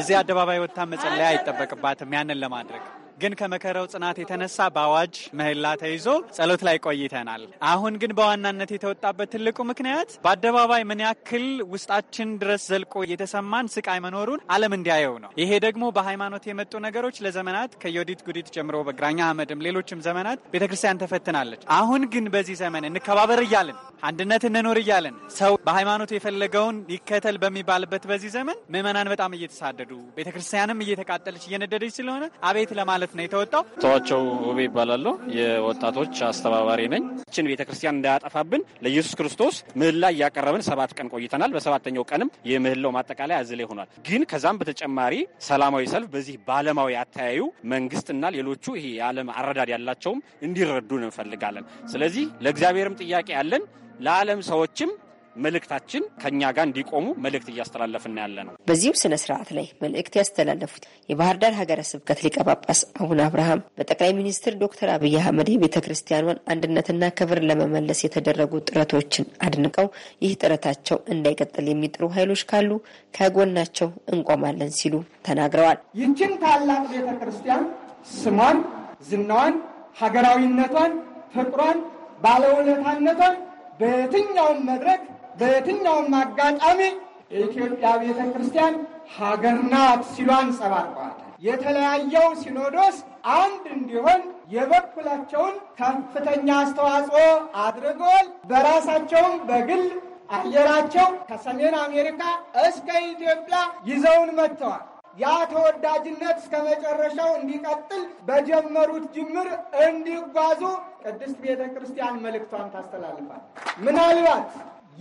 እዚህ አደባባይ ወጥታ መጸለያ አይጠበቅባትም ያንን ለማድረግ ግን ከመከራው ጽናት የተነሳ በአዋጅ ምህላ ተይዞ ጸሎት ላይ ቆይተናል። አሁን ግን በዋናነት የተወጣበት ትልቁ ምክንያት በአደባባይ ምን ያክል ውስጣችን ድረስ ዘልቆ የተሰማን ስቃይ መኖሩን ዓለም እንዲያየው ነው። ይሄ ደግሞ በሃይማኖት የመጡ ነገሮች ለዘመናት ከዮዲት ጉዲት ጀምሮ በግራኛ አህመድም ሌሎችም ዘመናት ቤተክርስቲያን ተፈትናለች። አሁን ግን በዚህ ዘመን እንከባበር እያልን አንድነት እንኖር እያልን ሰው በሃይማኖቱ የፈለገውን ይከተል በሚባልበት በዚህ ዘመን ምዕመናን በጣም እየተሳደዱ ቤተክርስቲያንም እየተቃጠለች እየነደደች ስለሆነ አቤት ለማለት ኃላፊነት ነው የተወጣው። ተዋቸው ውቤ ይባላሉ። የወጣቶች አስተባባሪ ነኝ። ችን ቤተክርስቲያን እንዳያጠፋብን ለኢየሱስ ክርስቶስ ምህላ እያቀረብን ሰባት ቀን ቆይተናል። በሰባተኛው ቀንም የምህላው ማጠቃለያ አዝ ላይ ሆኗል። ግን ከዛም በተጨማሪ ሰላማዊ ሰልፍ በዚህ በአለማዊ አተያዩ መንግስትና ሌሎቹ ይሄ የዓለም አረዳድ ያላቸውም እንዲረዱን እንፈልጋለን። ስለዚህ ለእግዚአብሔርም ጥያቄ ያለን ለዓለም ሰዎችም መልእክታችን ከእኛ ጋር እንዲቆሙ መልእክት እያስተላለፍን ያለ ነው። በዚሁ ስነ ስርዓት ላይ መልእክት ያስተላለፉት የባህር ዳር ሀገረ ስብከት ሊቀ ጳጳስ አቡነ አብርሃም በጠቅላይ ሚኒስትር ዶክተር አብይ አህመድ የቤተ ክርስቲያኗን አንድነትና ክብር ለመመለስ የተደረጉ ጥረቶችን አድንቀው ይህ ጥረታቸው እንዳይቀጥል የሚጥሩ ኃይሎች ካሉ ከጎናቸው እንቆማለን ሲሉ ተናግረዋል። ይህችን ታላቅ ቤተ ክርስቲያን ስሟን፣ ዝናዋን፣ ሀገራዊነቷን፣ ፍቅሯን፣ ባለውለታነቷን በየትኛውም መድረክ በየትኛውም አጋጣሚ የኢትዮጵያ ቤተ ክርስቲያን ሀገር ናት ሲሉ አንጸባርቀዋታል። የተለያየው ሲኖዶስ አንድ እንዲሆን የበኩላቸውን ከፍተኛ አስተዋጽኦ አድርገዋል። በራሳቸውም በግል አየራቸው ከሰሜን አሜሪካ እስከ ኢትዮጵያ ይዘውን መጥተዋል። ያ ተወዳጅነት እስከ መጨረሻው እንዲቀጥል በጀመሩት ጅምር እንዲጓዙ ቅድስት ቤተ ክርስቲያን መልእክቷን ታስተላልፋል ምናልባት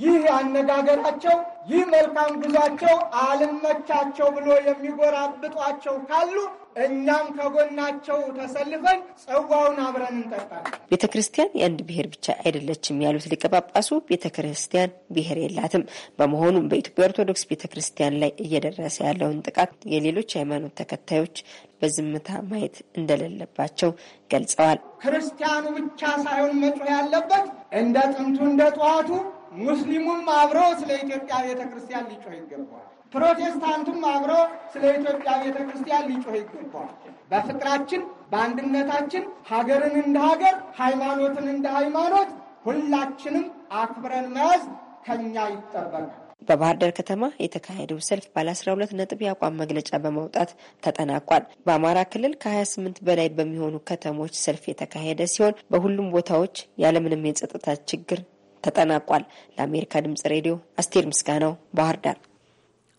ይህ ያነጋገራቸው፣ ይህ መልካም ጉዟቸው አልመቻቸው ብሎ የሚጎራብጧቸው ካሉ እኛም ከጎናቸው ተሰልፈን ጽዋውን አብረን እንጠጣል። ቤተ ክርስቲያን የአንድ ብሔር ብቻ አይደለችም ያሉት ሊቀጳጳሱ ቤተ ክርስቲያን ብሔር የላትም። በመሆኑም በኢትዮጵያ ኦርቶዶክስ ቤተ ክርስቲያን ላይ እየደረሰ ያለውን ጥቃት የሌሎች ሃይማኖት ተከታዮች በዝምታ ማየት እንደሌለባቸው ገልጸዋል። ክርስቲያኑ ብቻ ሳይሆን መጮህ ያለበት እንደ ጥንቱ እንደ ጠዋቱ ሙስሊሙም አብሮ ስለ ኢትዮጵያ ቤተ ክርስቲያን ሊጮህ ይገባል። ፕሮቴስታንቱም አብሮ ስለ ኢትዮጵያ ቤተ ክርስቲያን ሊጮህ ይገባል። በፍቅራችን በአንድነታችን ሀገርን እንደ ሀገር፣ ሃይማኖትን እንደ ሃይማኖት ሁላችንም አክብረን መያዝ ከኛ ይጠበቃል። በባህር ዳር ከተማ የተካሄደው ሰልፍ ባለ 12 ነጥብ የአቋም መግለጫ በመውጣት ተጠናቋል። በአማራ ክልል ከ28 በላይ በሚሆኑ ከተሞች ሰልፍ የተካሄደ ሲሆን በሁሉም ቦታዎች ያለምንም የጸጥታ ችግር ተጠናቋል። ለአሜሪካ ድምጽ ሬዲዮ አስቴር ምስጋናው ባህር ዳር።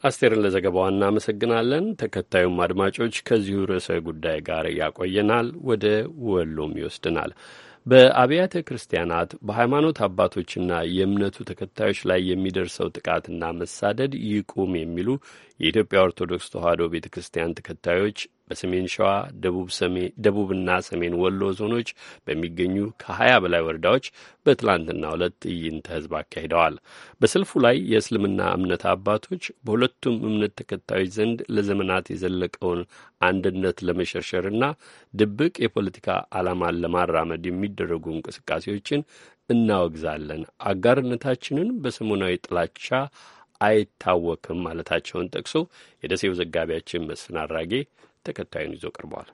አስቴርን ለዘገባዋ እናመሰግናለን። ተከታዩም አድማጮች ከዚሁ ርዕሰ ጉዳይ ጋር ያቆየናል፣ ወደ ወሎም ይወስድናል። በአብያተ ክርስቲያናት በሃይማኖት አባቶችና የእምነቱ ተከታዮች ላይ የሚደርሰው ጥቃትና መሳደድ ይቁም የሚሉ የኢትዮጵያ ኦርቶዶክስ ተዋሕዶ ቤተ ክርስቲያን ተከታዮች በሰሜን ሸዋ ደቡብና ሰሜን ወሎ ዞኖች በሚገኙ ከ20 በላይ ወረዳዎች በትላንትና ሁለት ትዕይንተ ህዝብ አካሂደዋል። በሰልፉ ላይ የእስልምና እምነት አባቶች በሁለቱም እምነት ተከታዮች ዘንድ ለዘመናት የዘለቀውን አንድነት ለመሸርሸርና ድብቅ የፖለቲካ ዓላማን ለማራመድ የሚደረጉ እንቅስቃሴዎችን እናወግዛለን፣ አጋርነታችንን በሰሞናዊ ጥላቻ አይታወክም ማለታቸውን ጠቅሶ የደሴው ዘጋቢያችን መስፍን አራጌ ተከታዩን ይዞ ቀርቧል።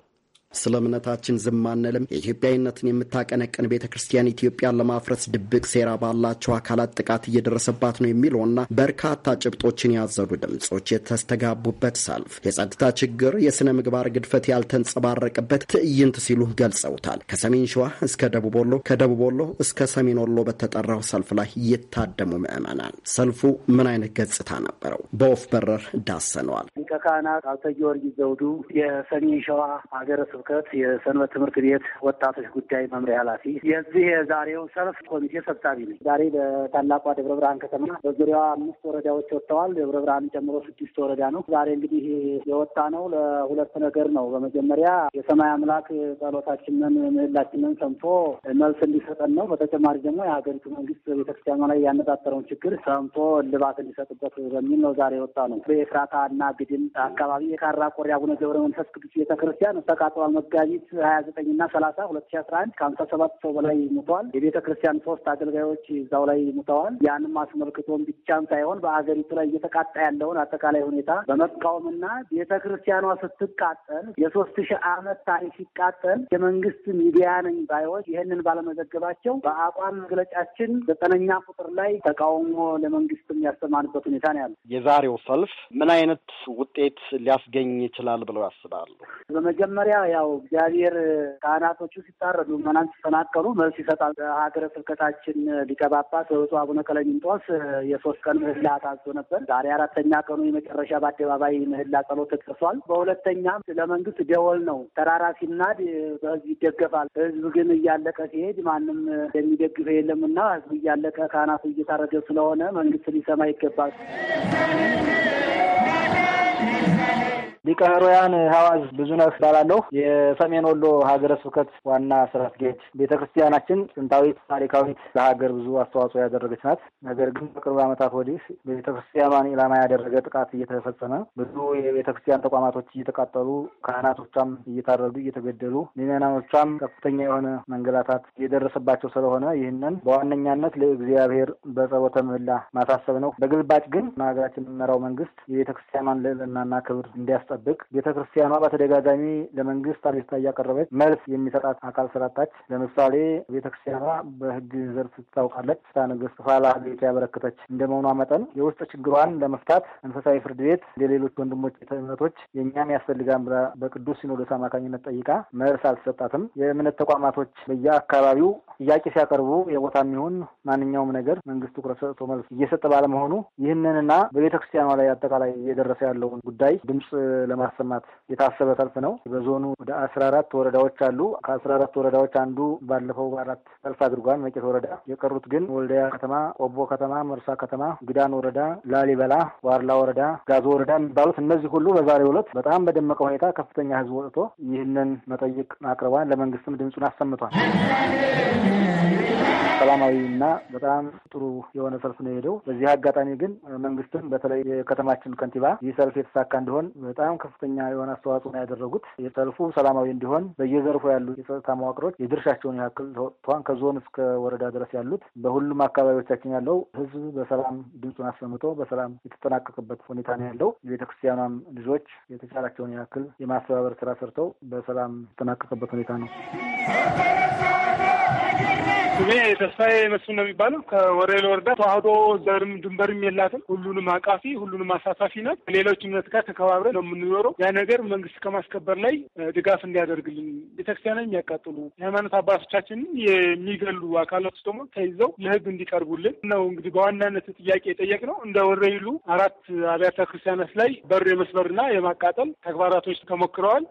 ስለ እምነታችን ዝም አንልም። የኢትዮጵያዊነትን የምታቀነቅን ቤተ ክርስቲያን ኢትዮጵያን ለማፍረስ ድብቅ ሴራ ባላቸው አካላት ጥቃት እየደረሰባት ነው የሚለውና በርካታ ጭብጦችን ያዘሉ ድምጾች የተስተጋቡበት ሰልፍ የጸጥታ ችግር፣ የሥነ ምግባር ግድፈት ያልተንጸባረቀበት ትዕይንት ሲሉ ገልጸውታል። ከሰሜን ሸዋ እስከ ደቡብ ወሎ፣ ከደቡብ ወሎ እስከ ሰሜን ወሎ በተጠራው ሰልፍ ላይ የታደሙ ምዕመናን ሰልፉ ምን አይነት ገጽታ ነበረው? በወፍ በረር ዳሰነዋል። ከካህናት ካህናት ጊዮርጊስ ዘውዱ የሰሜን ሸዋ ሀገረ ስብከት የሰንበት ትምህርት ቤት ወጣቶች ጉዳይ መምሪያ ኃላፊ፣ የዚህ የዛሬው ሰልፍ ኮሚቴ ሰብሳቢ ነኝ። ዛሬ በታላቋ ደብረ ብርሃን ከተማ በዙሪያዋ አምስት ወረዳዎች ወጥተዋል። ደብረ ብርሃን ጨምሮ ስድስት ወረዳ ነው። ዛሬ እንግዲህ የወጣ ነው ለሁለት ነገር ነው። በመጀመሪያ የሰማይ አምላክ ጸሎታችንን ምህላችንን ሰምቶ መልስ እንዲሰጠን ነው። በተጨማሪ ደግሞ የሀገሪቱ መንግስት ቤተክርስቲያኗ ላይ ያነጣጠረውን ችግር ሰምቶ እልባት እንዲሰጥበት በሚል ነው ዛሬ የወጣ ነው። በኤፍራታ እና ግድም አካባቢ የካራ ቆሪያ አቡነ ገብረ መንፈስ ቅዱስ ቤተክርስቲያን ተቃጥሏል መጋቢት ሀያ ዘጠኝ ና ሰላሳ ሁለት ሺ አስራ አንድ ከሀምሳ ሰባት ሰው በላይ ሙተዋል። የቤተ ክርስቲያን ሶስት አገልጋዮች እዛው ላይ ሙተዋል። ያንም አስመልክቶም ብቻም ሳይሆን በአገሪቱ ላይ እየተቃጣ ያለውን አጠቃላይ ሁኔታ በመቃወምና ቤተ ክርስቲያኗ ስትቃጠል የሶስት ሺ አመት ታሪክ ሲቃጠል የመንግስት ሚዲያ ነኝ ባዮች ይህንን ባለመዘገባቸው በአቋም መግለጫችን ዘጠነኛ ቁጥር ላይ ተቃውሞ ለመንግስትም ያሰማንበት ሁኔታ ነው ያለ። የዛሬው ሰልፍ ምን አይነት ውጤት ሊያስገኝ ይችላል ብለው ያስባሉ? በመጀመሪያ ያው እግዚአብሔር ካህናቶቹ ሲታረዱ ምዕመናን ሲፈናቀሉ መልስ ይሰጣል። በሀገረ ስብከታችን ሊቀ ጳጳስ ብፁዕ አቡነ ቀለሚንጦስ የሶስት ቀን ምህላ ታዞ ነበር። ዛሬ አራተኛ ቀኑ የመጨረሻ በአደባባይ ምህላ ጸሎት ተደርሷል። በሁለተኛም ለመንግስት ደወል ነው። ተራራ ሲናድ በህዝብ ይደገፋል። ህዝብ ግን እያለቀ ሲሄድ ማንም የሚደግፈ የለምና ህዝብ እያለቀ ካህናቱ እየታረደ ስለሆነ መንግስት ሊሰማ ይገባል። ሊቀ ሕሩያን ሐዋዝ ብዙነህ እባላለሁ። የሰሜን ወሎ ሀገረ ስብከት ዋና ስራ አስኪያጅ። ቤተ ክርስቲያናችን ጥንታዊት፣ ታሪካዊት ለሀገር ብዙ አስተዋጽኦ ያደረገች ናት። ነገር ግን በቅርብ ዓመታት ወዲህ በቤተ ክርስቲያኗን ኢላማ ያደረገ ጥቃት እየተፈጸመ ብዙ የቤተ ክርስቲያን ተቋማቶች እየተቃጠሉ፣ ካህናቶቿም እየታረዱ እየተገደሉ፣ ምዕመናኖቿም ከፍተኛ የሆነ መንገላታት እየደረሰባቸው ስለሆነ ይህንን በዋነኛነት ለእግዚአብሔር በጸሎተ ምህላ ማሳሰብ ነው። በግልባጭ ግን ሀገራችን የሚመራው መንግስት የቤተ ክርስቲያኗን ልዕልናና ክብር እንዲያስጠ ስትጠብቅ ቤተ ክርስቲያኗ በተደጋጋሚ ለመንግስት አቤቱታ እያቀረበች መልስ የሚሰጣት አካል ስላጣች፣ ለምሳሌ ቤተ ክርስቲያኗ በህግ ዘርፍ ትታወቃለች። ስታ ንግስት ፋላ ቤቱ ያበረከተች እንደመሆኗ መጠን የውስጥ ችግሯን ለመፍታት መንፈሳዊ ፍርድ ቤት ለሌሎች ወንድሞች እምነቶች የእኛም ያስፈልጋን ብላ በቅዱስ ሲኖዶስ አማካኝነት ጠይቃ መልስ አልተሰጣትም። የእምነት ተቋማቶች በየአካባቢው ጥያቄ ሲያቀርቡ የቦታ የሚሆን ማንኛውም ነገር መንግስት ትኩረት ሰጥቶ መልስ እየሰጠ ባለመሆኑ ይህንንና በቤተ ክርስቲያኗ ላይ አጠቃላይ እየደረሰ ያለውን ጉዳይ ድምፅ ለማሰማት የታሰበ ሰልፍ ነው። በዞኑ ወደ አስራ አራት ወረዳዎች አሉ። ከአስራ አራት ወረዳዎች አንዱ ባለፈው አራት ሰልፍ አድርጓል፣ መቄት ወረዳ። የቀሩት ግን ወልዲያ ከተማ፣ ቆቦ ከተማ፣ መርሳ ከተማ፣ ግዳን ወረዳ፣ ላሊበላ፣ ዋርላ ወረዳ፣ ጋዞ ወረዳ የሚባሉት እነዚህ ሁሉ በዛሬው ዕለት በጣም በደመቀ ሁኔታ ከፍተኛ ህዝብ ወጥቶ ይህንን መጠይቅ አቅርቧል። ለመንግስትም ድምፁን አሰምቷል። ሰላማዊ እና በጣም ጥሩ የሆነ ሰልፍ ነው የሄደው። በዚህ አጋጣሚ ግን መንግስትም በተለይ የከተማችን ከንቲባ ይህ ሰልፍ የተሳካ እንዲሆን በጣም በጣም ከፍተኛ የሆነ አስተዋጽኦ ነው ያደረጉት። የሰልፉ ሰላማዊ እንዲሆን በየዘርፉ ያሉ የጸጥታ መዋቅሮች የድርሻቸውን ያክል ተወጥተዋን ከዞን እስከ ወረዳ ድረስ ያሉት በሁሉም አካባቢዎቻችን ያለው ህዝብ በሰላም ድምፁን አሰምቶ በሰላም የተጠናቀቀበት ሁኔታ ነው ያለው። የቤተክርስቲያኗም ልጆች የተቻላቸውን ያክል የማስተባበር ስራ ሰርተው በሰላም የተጠናቀቀበት ሁኔታ ነው። ስሜ ተስፋዬ መስፍን ነው የሚባለው። ከወሬል ወረዳ ተዋህዶ ዘርም ድንበርም የላትም። ሁሉንም አቃፊ፣ ሁሉንም አሳታፊ ናት። ሌሎች እምነት ጋር ተከባብረ ነው የምንኖረው። ያ ነገር መንግስት ከማስከበር ላይ ድጋፍ እንዲያደርግልን፣ ቤተክርስቲያን የሚያቃጥሉ የሃይማኖት አባቶቻችንን የሚገሉ አካላት ደግሞ ተይዘው ለህግ እንዲቀርቡልን ነው እንግዲህ በዋናነት ጥያቄ የጠየቅ ነው። እንደ ወረኢሉ አራት አብያተ ክርስቲያናት ላይ በር የመስበርና የማቃጠል ተግባራቶች ተሞክረዋል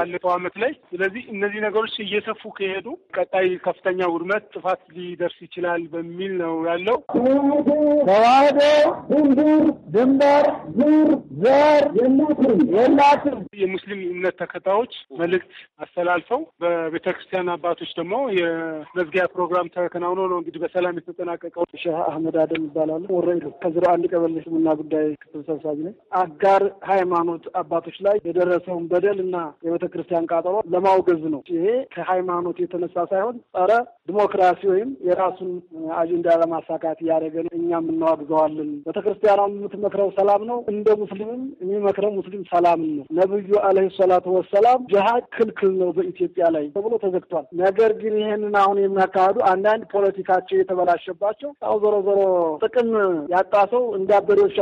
ባለፈው አመት ላይ። ስለዚህ እነዚህ ነገሮች እየሰፉ ከሄዱ ቀጣይ ከፍተኛ ውድመት ጥፋት ሊደርስ ይችላል በሚል ነው ያለው። ተዋህዶ ሁንዱር ድንበር ዙር ዘር የላትም የላትም የሙስሊም እምነት ተከታዮች መልእክት አስተላልፈው በቤተ ክርስቲያን አባቶች ደግሞ የመዝጊያ ፕሮግራም ተከናውኖ ነው እንግዲህ በሰላም የተጠናቀቀው። ሼህ አህመድ አደም ይባላሉ። ወረይሉ ከዝሮ አንድ ቀበሌ እስልምና ጉዳይ ክፍል ሰብሳቢ ነኝ። አጋር ሃይማኖት አባቶች ላይ የደረሰውን በደል እና የቤተ ክርስቲያን ቃጠሎ ለማውገዝ ነው። ይሄ ከሃይማኖት የተነሳ ሳይሆን ጸረ ዲሞክራሲ ወይም የራሱን አጀንዳ ለማሳካት እያደረገ እኛም እናዋግዘዋለን። ቤተክርስቲያኗ የምትመክረው ሰላም ነው። እንደ ሙስሊምም የሚመክረው ሙስሊም ሰላም ነው። ነብዩ አለህ ሰላቱ ወሰላም ጅሃድ ክልክል ነው በኢትዮጵያ ላይ ተብሎ ተዘግቷል። ነገር ግን ይህንን አሁን የሚያካሂዱ አንዳንድ ፖለቲካቸው የተበላሸባቸው ያው ዞሮ ዞሮ ጥቅም ያጣ ሰው እንደ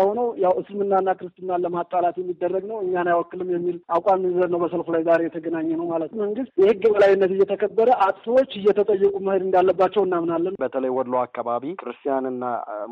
ሆነው ያው እስልምናና ክርስትናን ለማጣላት የሚደረግ ነው፣ እኛን አይወክልም የሚል አቋም ይዘን ነው በሰልፉ ላይ ዛሬ የተገናኘ ነው ማለት ነው። መንግስት የህግ በላይነት እየተከበረ አጥፊዎች እየተጠየቁ መሄድ እንዳለባቸው እናምናለን። በተለይ ወሎ አካባቢ ክርስቲያንና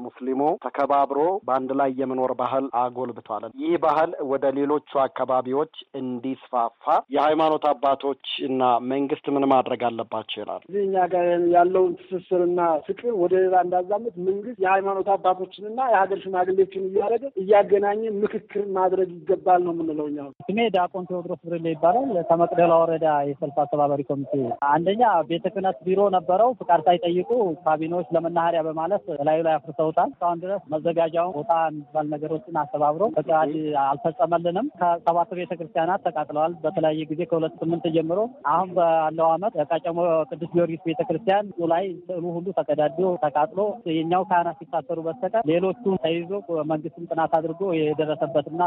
ሙስሊሙ ተከባብሮ በአንድ ላይ የመኖር ባህል አጎልብቷል። ይህ ባህል ወደ ሌሎቹ አካባቢዎች እንዲስፋፋ የሃይማኖት አባቶች እና መንግስት ምን ማድረግ አለባቸው ይላል። እኛ ጋር ያለውን ትስስርና ፍቅር ወደ ሌላ እንዳዛምት መንግስት የሃይማኖት አባቶችንና የሀገር ሽማግሌዎችን እያደረገ እያገናኘ ምክክር ማድረግ ይገባል ነው የምንለው። እኛ ስሜ ዲያቆን ቴዎድሮስ ብርሌ ይባላል። ከመቅደላ ወረዳ የሰልፍ አስተባባሪ ኮሚቴ አንደኛ ቤተ ክህነት ቢሮ ነበር የነበረው ፍቃድ ሳይጠይቁ ካቢኖች ለመናኸሪያ በማለት ላዩ ላይ አፍርሰውታል። እስካሁን ድረስ መዘጋጃውን ቦታ የሚባል ነገሮችን አስተባብሮ ፍቃድ አልፈጸመልንም። ከሰባቱ ቤተ ክርስቲያናት ተቃጥለዋል በተለያየ ጊዜ ከሁለት ስምንት ጀምሮ አሁን ባለው አመት ቀጨሞ ቅዱስ ጊዮርጊስ ቤተ ክርስቲያን ላይ ስዕሉ ሁሉ ተቀዳዶ ተቃጥሎ የኛው ካህናት ሲታሰሩ በስተቀር ሌሎቹ ተይዞ መንግስትም ጥናት አድርጎ የደረሰበትና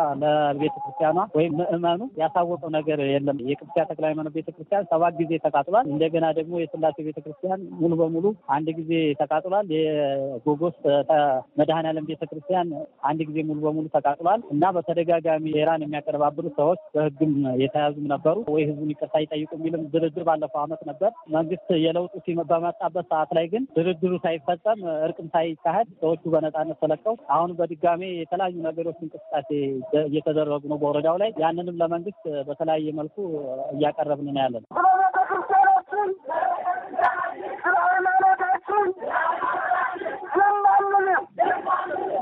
ለቤተ ክርስቲያኗ ወይም ምእመኑ ያሳወቀው ነገር የለም። የቅዱስ ተክለ ሃይማኖት ቤተ ክርስቲያን ሰባት ጊዜ ተቃጥሏል። እንደገና ደግሞ የስላሴ ቤተ ክርስቲያን ቤተክርስቲያን ሙሉ በሙሉ አንድ ጊዜ ተቃጥሏል። የጎጎስ መድኃኔዓለም ቤተክርስቲያን አንድ ጊዜ ሙሉ በሙሉ ተቃጥሏል እና በተደጋጋሚ ኢራን የሚያቀነባብሩ ሰዎች በህግም የተያዙም ነበሩ ወይ ህዝቡን ይቅርታ ይጠይቁ የሚልም ድርድር ባለፈው ዓመት ነበር። መንግስት የለውጡ በመጣበት ሰዓት ላይ ግን ድርድሩ ሳይፈጸም እርቅም ሳይካሄድ ሰዎቹ በነፃነት ተለቀው አሁን በድጋሜ የተለያዩ ነገሮች እንቅስቃሴ እየተደረጉ ነው በወረዳው ላይ ያንንም ለመንግስት በተለያየ መልኩ እያቀረብን ነው ያለን።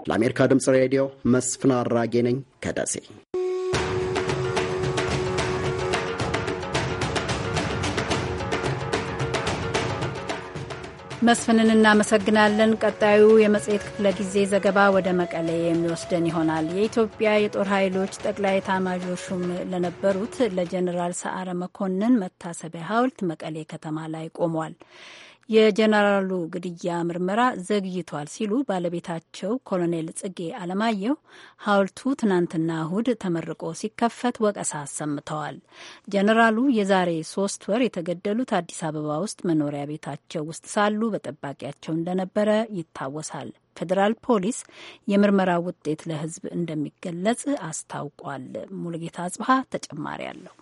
ለአሜሪካ ድምፅ ሬዲዮ መስፍን አራጌ ነኝ ከደሴ። መስፍንን እናመሰግናለን። ቀጣዩ የመጽሔት ክፍለ ጊዜ ዘገባ ወደ መቀሌ የሚወስደን ይሆናል። የኢትዮጵያ የጦር ኃይሎች ጠቅላይ ኤታማዦር ሹም ለነበሩት ለጀኔራል ሰዓረ መኮንን መታሰቢያ ሐውልት መቀሌ ከተማ ላይ ቆሟል። የጀነራሉ ግድያ ምርመራ ዘግይቷል ሲሉ ባለቤታቸው ኮሎኔል ጽጌ አለማየሁ ሐውልቱ ትናንትና እሁድ ተመርቆ ሲከፈት ወቀሳ አሰምተዋል። ጀነራሉ የዛሬ ሶስት ወር የተገደሉት አዲስ አበባ ውስጥ መኖሪያ ቤታቸው ውስጥ ሳሉ በጠባቂያቸው እንደነበረ ይታወሳል። ፌዴራል ፖሊስ የምርመራ ውጤት ለሕዝብ እንደሚገለጽ አስታውቋል። ሙሉጌታ አጽብሃ ተጨማሪ አለው።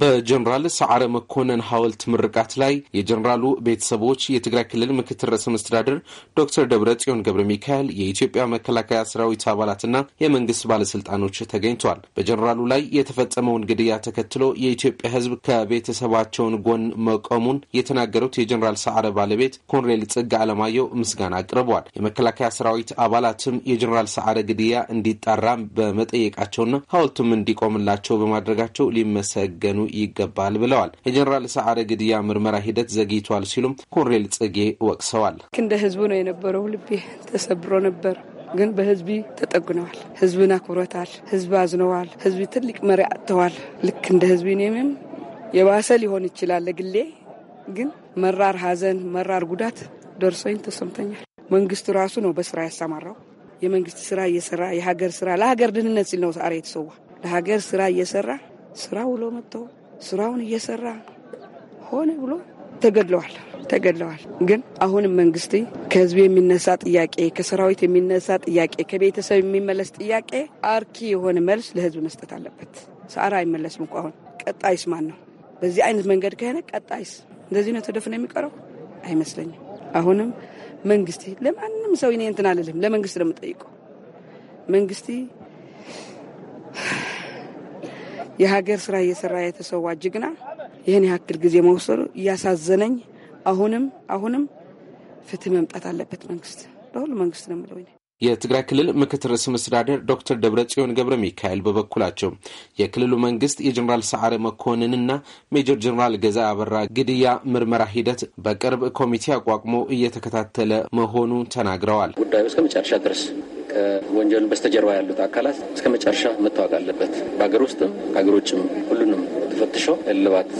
በጀኔራል ሰዓረ መኮነን ሐውልት ምርቃት ላይ የጀኔራሉ ቤተሰቦች፣ የትግራይ ክልል ምክትል ርዕሰ መስተዳድር ዶክተር ደብረ ጽዮን ገብረ ሚካኤል፣ የኢትዮጵያ መከላከያ ሰራዊት አባላትና የመንግስት ባለስልጣኖች ተገኝተዋል። በጀኔራሉ ላይ የተፈጸመውን ግድያ ተከትሎ የኢትዮጵያ ሕዝብ ከቤተሰባቸውን ጎን መቆሙን የተናገሩት የጀኔራል ሰዓረ ባለቤት ኮንሬል ጽጋ አለማየሁ ምስጋና አቅርበዋል። የመከላከያ ሰራዊት አባላትም የጀኔራል ሰዓረ ግድያ እንዲጣራ በመጠየቃቸውና ሐውልቱም እንዲቆምላቸው በማድረጋቸው ሊመሰገ ሊያጤኑ ይገባል ብለዋል። የጀኔራል ሰዓረ ግድያ ምርመራ ሂደት ዘግይቷል ሲሉም ኮሎኔል ጽጌ ወቅሰዋል። እንደ ህዝቡ ነው የነበረው። ልቤ ተሰብሮ ነበር ግን በህዝቢ ተጠግነዋል ህዝብን አክብሮታል። ህዝብ አዝነዋል። ህዝቢ ትልቅ መሪ አጥተዋል። ልክ እንደ ህዝቢ እኔም የባሰ ሊሆን ይችላል። ግሌ ግን መራር ሀዘን መራር ጉዳት ደርሶኝ ተሰምተኛል። መንግስቱ ራሱ ነው በስራ ያሰማራው። የመንግስት ስራ እየሰራ የሀገር ስራ ለሀገር ድህንነት ሲል ነው ሳሬ የተሰዋ ለሀገር ስራ እየሰራ ስራ ውሎ መጥቶ ስራውን እየሰራ ሆነ ብሎ ተገድለዋል ተገድለዋል። ግን አሁንም መንግስት ከህዝብ የሚነሳ ጥያቄ፣ ከሰራዊት የሚነሳ ጥያቄ፣ ከቤተሰብ የሚመለስ ጥያቄ አርኪ የሆነ መልስ ለህዝብ መስጠት አለበት። ሳራ አይመለስም እኮ አሁን ቀጣይስ ማን ነው? በዚህ አይነት መንገድ ከሆነ ቀጣይስ እንደዚህ ነው ተደፍነ የሚቀረው አይመስለኝም። አሁንም መንግስት ለማንም ሰው ኔ እንትን አልልም። ለመንግስት ነው የምጠይቀው መንግስት የሀገር ስራ እየሰራ የተሰዋ ጀግና ይህን ያክል ጊዜ መውሰዱ እያሳዘነኝ፣ አሁንም አሁንም ፍትህ መምጣት አለበት መንግስት፣ ለሁሉ መንግስት ነው የምለው። የትግራይ ክልል ምክትል ርዕሰ መስተዳደር ዶክተር ደብረጽዮን ገብረ ሚካኤል በበኩላቸው የክልሉ መንግስት የጀኔራል ሰዓረ መኮንንና ሜጀር ጀኔራል ገዛ አበራ ግድያ ምርመራ ሂደት በቅርብ ኮሚቴ አቋቁሞ እየተከታተለ መሆኑ ተናግረዋል። ጉዳዩ እስከ መጨረሻ ድረስ ከወንጀሉ በስተጀርባ ያሉት አካላት እስከ መጨረሻ መታወቅ አለበት። በሀገር ውስጥም ከሀገር ውጭም ሁሉንም ተፈትሾ እልባት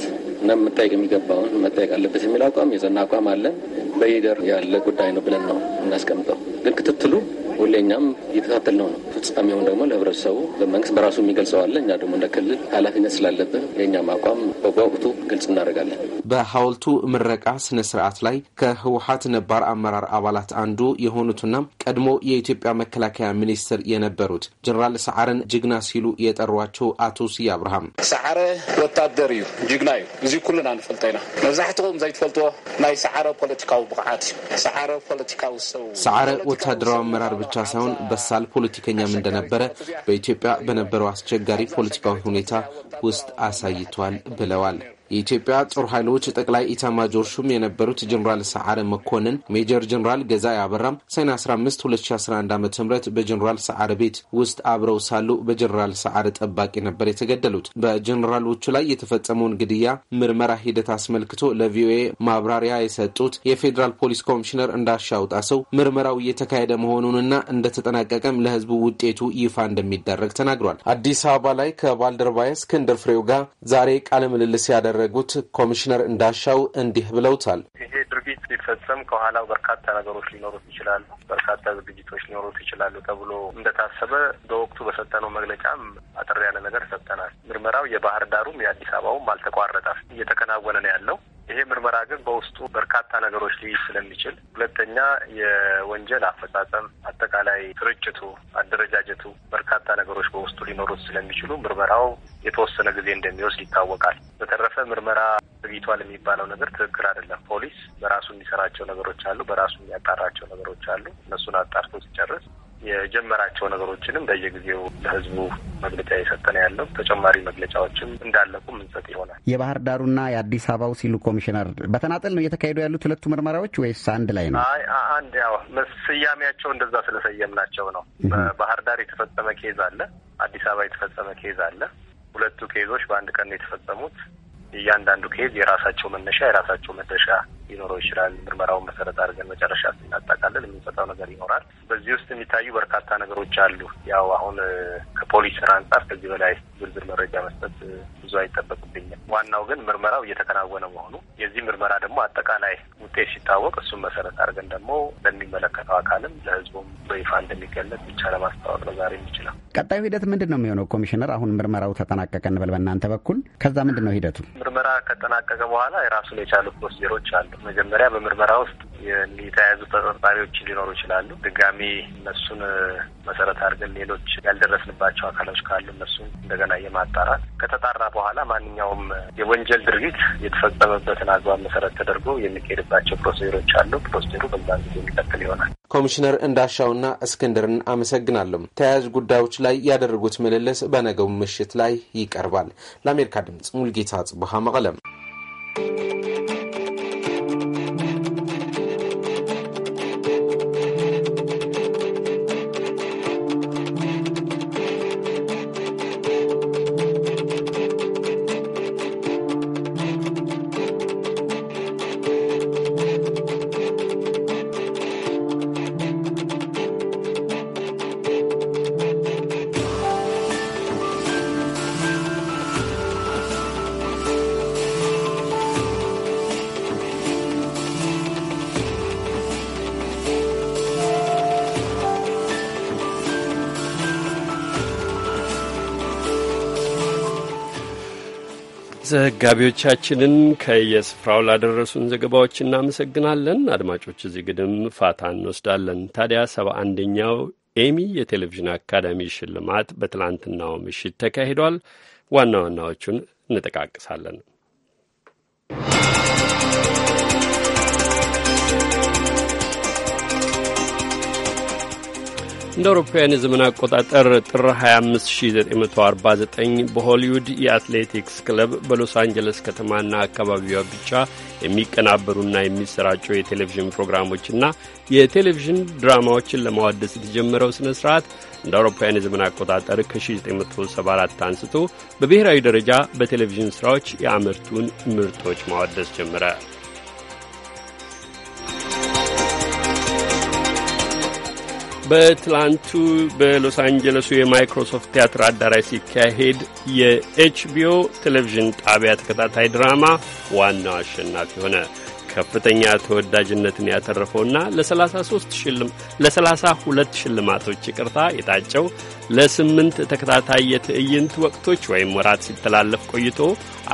እና መጠየቅ የሚገባውን መጠየቅ አለበት የሚል አቋም የጸና አቋም አለን። በሂደር ያለ ጉዳይ ነው ብለን ነው እናስቀምጠው። ግን ክትትሉ ሁሌኛም እየተከታተል ነው ነው ፍጻሜውን ደግሞ ለህብረተሰቡ በመንግስት በራሱ የሚገልጸዋለ እኛ ደግሞ እንደ ክልል ኃላፊነት ስላለብን የእኛም አቋም በወቅቱ ግልጽ እናደርጋለን። በሐውልቱ ምረቃ ስነ ስርዓት ላይ ከህወሀት ነባር አመራር አባላት አንዱ የሆኑትና ቀድሞ የኢትዮጵያ መከላከያ ሚኒስትር የነበሩት ጀኔራል ሰዓረን ጅግና ሲሉ የጠሯቸው አቶ ስዬ አብርሃም ሰዓረ ወታደር እዩ ጅግና እዩ እዚ ኩሉና ንፈልጦ ኢና መብዛሕትኩም ዘይትፈልጥዎ ናይ ሰዓረ ፖለቲካዊ ብቕዓት እዩ ሰዓረ ፖለቲካዊ ሰው ሰዓረ ወታደራዊ ኣመራር ብቻ ሳይሆን በሳል ፖለቲከኛም እንደነበረ በኢትዮጵያ በነበረው ኣስቸጋሪ ፖለቲካዊ ሁኔታ ውስጥ ኣሳይቷል ብለዋል። የኢትዮጵያ ጦር ኃይሎች ጠቅላይ ኢታማጆር ሹም የነበሩት ጀኔራል ሰዓረ መኮንን ሜጀር ጀኔራል ገዛ አበራም ሰኔ 15 2011 ዓ ም በጀኔራል ሰዓረ ቤት ውስጥ አብረው ሳሉ በጀኔራል ሰዓረ ጠባቂ ነበር የተገደሉት። በጀኔራሎቹ ላይ የተፈጸመውን ግድያ ምርመራ ሂደት አስመልክቶ ለቪኦኤ ማብራሪያ የሰጡት የፌዴራል ፖሊስ ኮሚሽነር እንዳሻውጣ ሰው ምርመራው እየተካሄደ መሆኑንና እንደተጠናቀቀም ለህዝቡ ውጤቱ ይፋ እንደሚደረግ ተናግሯል። አዲስ አበባ ላይ ከባልደረባዬ እስክንድር ፍሬው ጋር ዛሬ ቃለ ምልልስ ያደረ ያደረጉት ኮሚሽነር እንዳሻው እንዲህ ብለውታል። ይሄ ድርጊት ሲፈጸም ከኋላው በርካታ ነገሮች ሊኖሩት ይችላሉ፣ በርካታ ዝግጅቶች ሊኖሩት ይችላሉ ተብሎ እንደታሰበ በወቅቱ በሰጠነው መግለጫም አጠር ያለ ነገር ሰጠናል። ምርመራው የባህር ዳሩም የአዲስ አበባውም አልተቋረጠም፣ እየተከናወነ ነው ያለው። ይሄ ምርመራ ግን በውስጡ በርካታ ነገሮች ሊይዝ ስለሚችል፣ ሁለተኛ የወንጀል አፈጻጸም አጠቃላይ ስርጭቱ፣ አደረጃጀቱ በርካታ ነገሮች በውስጡ ሊኖሩት ስለሚችሉ ምርመራው የተወሰነ ጊዜ እንደሚወስድ ይታወቃል። በተረፈ ምርመራ ዘግይቷል የሚባለው ነገር ትክክል አይደለም። ፖሊስ በራሱ የሚሰራቸው ነገሮች አሉ፣ በራሱ የሚያጣራቸው ነገሮች አሉ። እነሱን አጣርቶ ሲጨርስ የጀመራቸው ነገሮችንም በየጊዜው ለህዝቡ መግለጫ የሰጠነ ያለው ተጨማሪ መግለጫዎችም እንዳለቁ ምንሰጥ ይሆናል። የባህር ዳሩና የአዲስ አበባው ሲሉ ኮሚሽነር በተናጠል ነው እየተካሄዱ ያሉት ሁለቱ ምርመራዎች ወይስ አንድ ላይ ነው? አይ አንድ ያው ስያሜያቸው እንደዛ ስለሰየምናቸው ነው። በባህር ዳር የተፈጸመ ኬዝ አለ፣ አዲስ አበባ የተፈጸመ ኬዝ አለ። ሁለቱ ኬዞች በአንድ ቀን ነው የተፈጸሙት። እያንዳንዱ ኬዝ የራሳቸው መነሻ የራሳቸው መድረሻ ሊኖረው ይችላል። ምርመራውን መሰረት አድርገን መጨረሻ ስናጠቃለን የምንሰጠው ነገር ይኖራል። በዚህ ውስጥ የሚታዩ በርካታ ነገሮች አሉ። ያው አሁን ከፖሊስ ስራ አንጻር ከዚህ በላይ ዝርዝር መረጃ መስጠት ብዙ አይጠበቅብኝም። ዋናው ግን ምርመራው እየተከናወነ መሆኑ የዚህ ምርመራ ደግሞ አጠቃላይ ውጤት ሲታወቅ እሱን መሰረት አድርገን ደግሞ ለሚመለከተው አካልም ለህዝቡም በይፋ እንደሚገለጽ ብቻ ለማስታወቅ ነው የሚችለው። ቀጣዩ ሂደት ምንድን ነው የሚሆነው? ኮሚሽነር፣ አሁን ምርመራው ተጠናቀቀ እንበል በእናንተ በኩል ከዛ ምንድን ነው ሂደቱ? ምርመራ ከጠናቀቀ በኋላ የራሱን የቻሉ ፕሮሲጀሮች አሉ። መጀመሪያ በምርመራ ውስጥ የተያያዙ ተጠርጣሪዎች ሊኖሩ ይችላሉ። ድጋሚ እነሱን መሰረት አድርገን ሌሎች ያልደረስንባቸው አካሎች ካሉ እነሱን እንደገና የማጣራት ከተጣራ በኋላ ማንኛውም የወንጀል ድርጊት የተፈጸመበትን አግባብ መሰረት ተደርጎ የሚካሄድባቸው ፕሮሲጀሮች አሉ። ፕሮሲጀሩ በዛ ጊዜ የሚቀጥል ይሆናል። ኮሚሽነር እንዳሻውና እስክንድርን አመሰግናለሁ። ተያያዥ ጉዳዮች ላይ ያደረጉት ምልልስ በነገው ምሽት ላይ ይቀርባል። ለአሜሪካ ድምጽ ሙልጌታ ጽቡሃ መቀለም ዘጋቢዎቻችንን ከየስፍራው ላደረሱን ዘገባዎች እናመሰግናለን። አድማጮች እዚህ ግድም ፋታ እንወስዳለን። ታዲያ ሰባ አንደኛው ኤሚ የቴሌቪዥን አካዳሚ ሽልማት በትላንትናው ምሽት ተካሂዷል። ዋና ዋናዎቹን እንጠቃቅሳለን። እንደ አውሮፓውያን የዘመን አቆጣጠር ጥር 25949 በሆሊውድ የአትሌቲክስ ክለብ በሎስ አንጀለስ ከተማና አካባቢዋ ብቻ የሚቀናበሩና የሚሰራጩ የቴሌቪዥን ፕሮግራሞችና የቴሌቪዥን ድራማዎችን ለማዋደስ የተጀመረው ስነ ስርዓት እንደ አውሮፓውያን የዘመን አቆጣጠር ከ1974 አንስቶ በብሔራዊ ደረጃ በቴሌቪዥን ስራዎች የአምርቱን ምርቶች ማዋደስ ጀመረ። በትላንቱ በሎስ አንጀለሱ የማይክሮሶፍት ቲያትር አዳራሽ ሲካሄድ የኤችቢኦ ቴሌቪዥን ጣቢያ ተከታታይ ድራማ ዋናው አሸናፊ ሆነ። ከፍተኛ ተወዳጅነትን ያተረፈውና ለ ሁለት ሽልማቶች ይቅርታ የታጨው ለስምንት ተከታታይ የትዕይንት ወቅቶች ወይም ወራት ሲተላለፍ ቆይቶ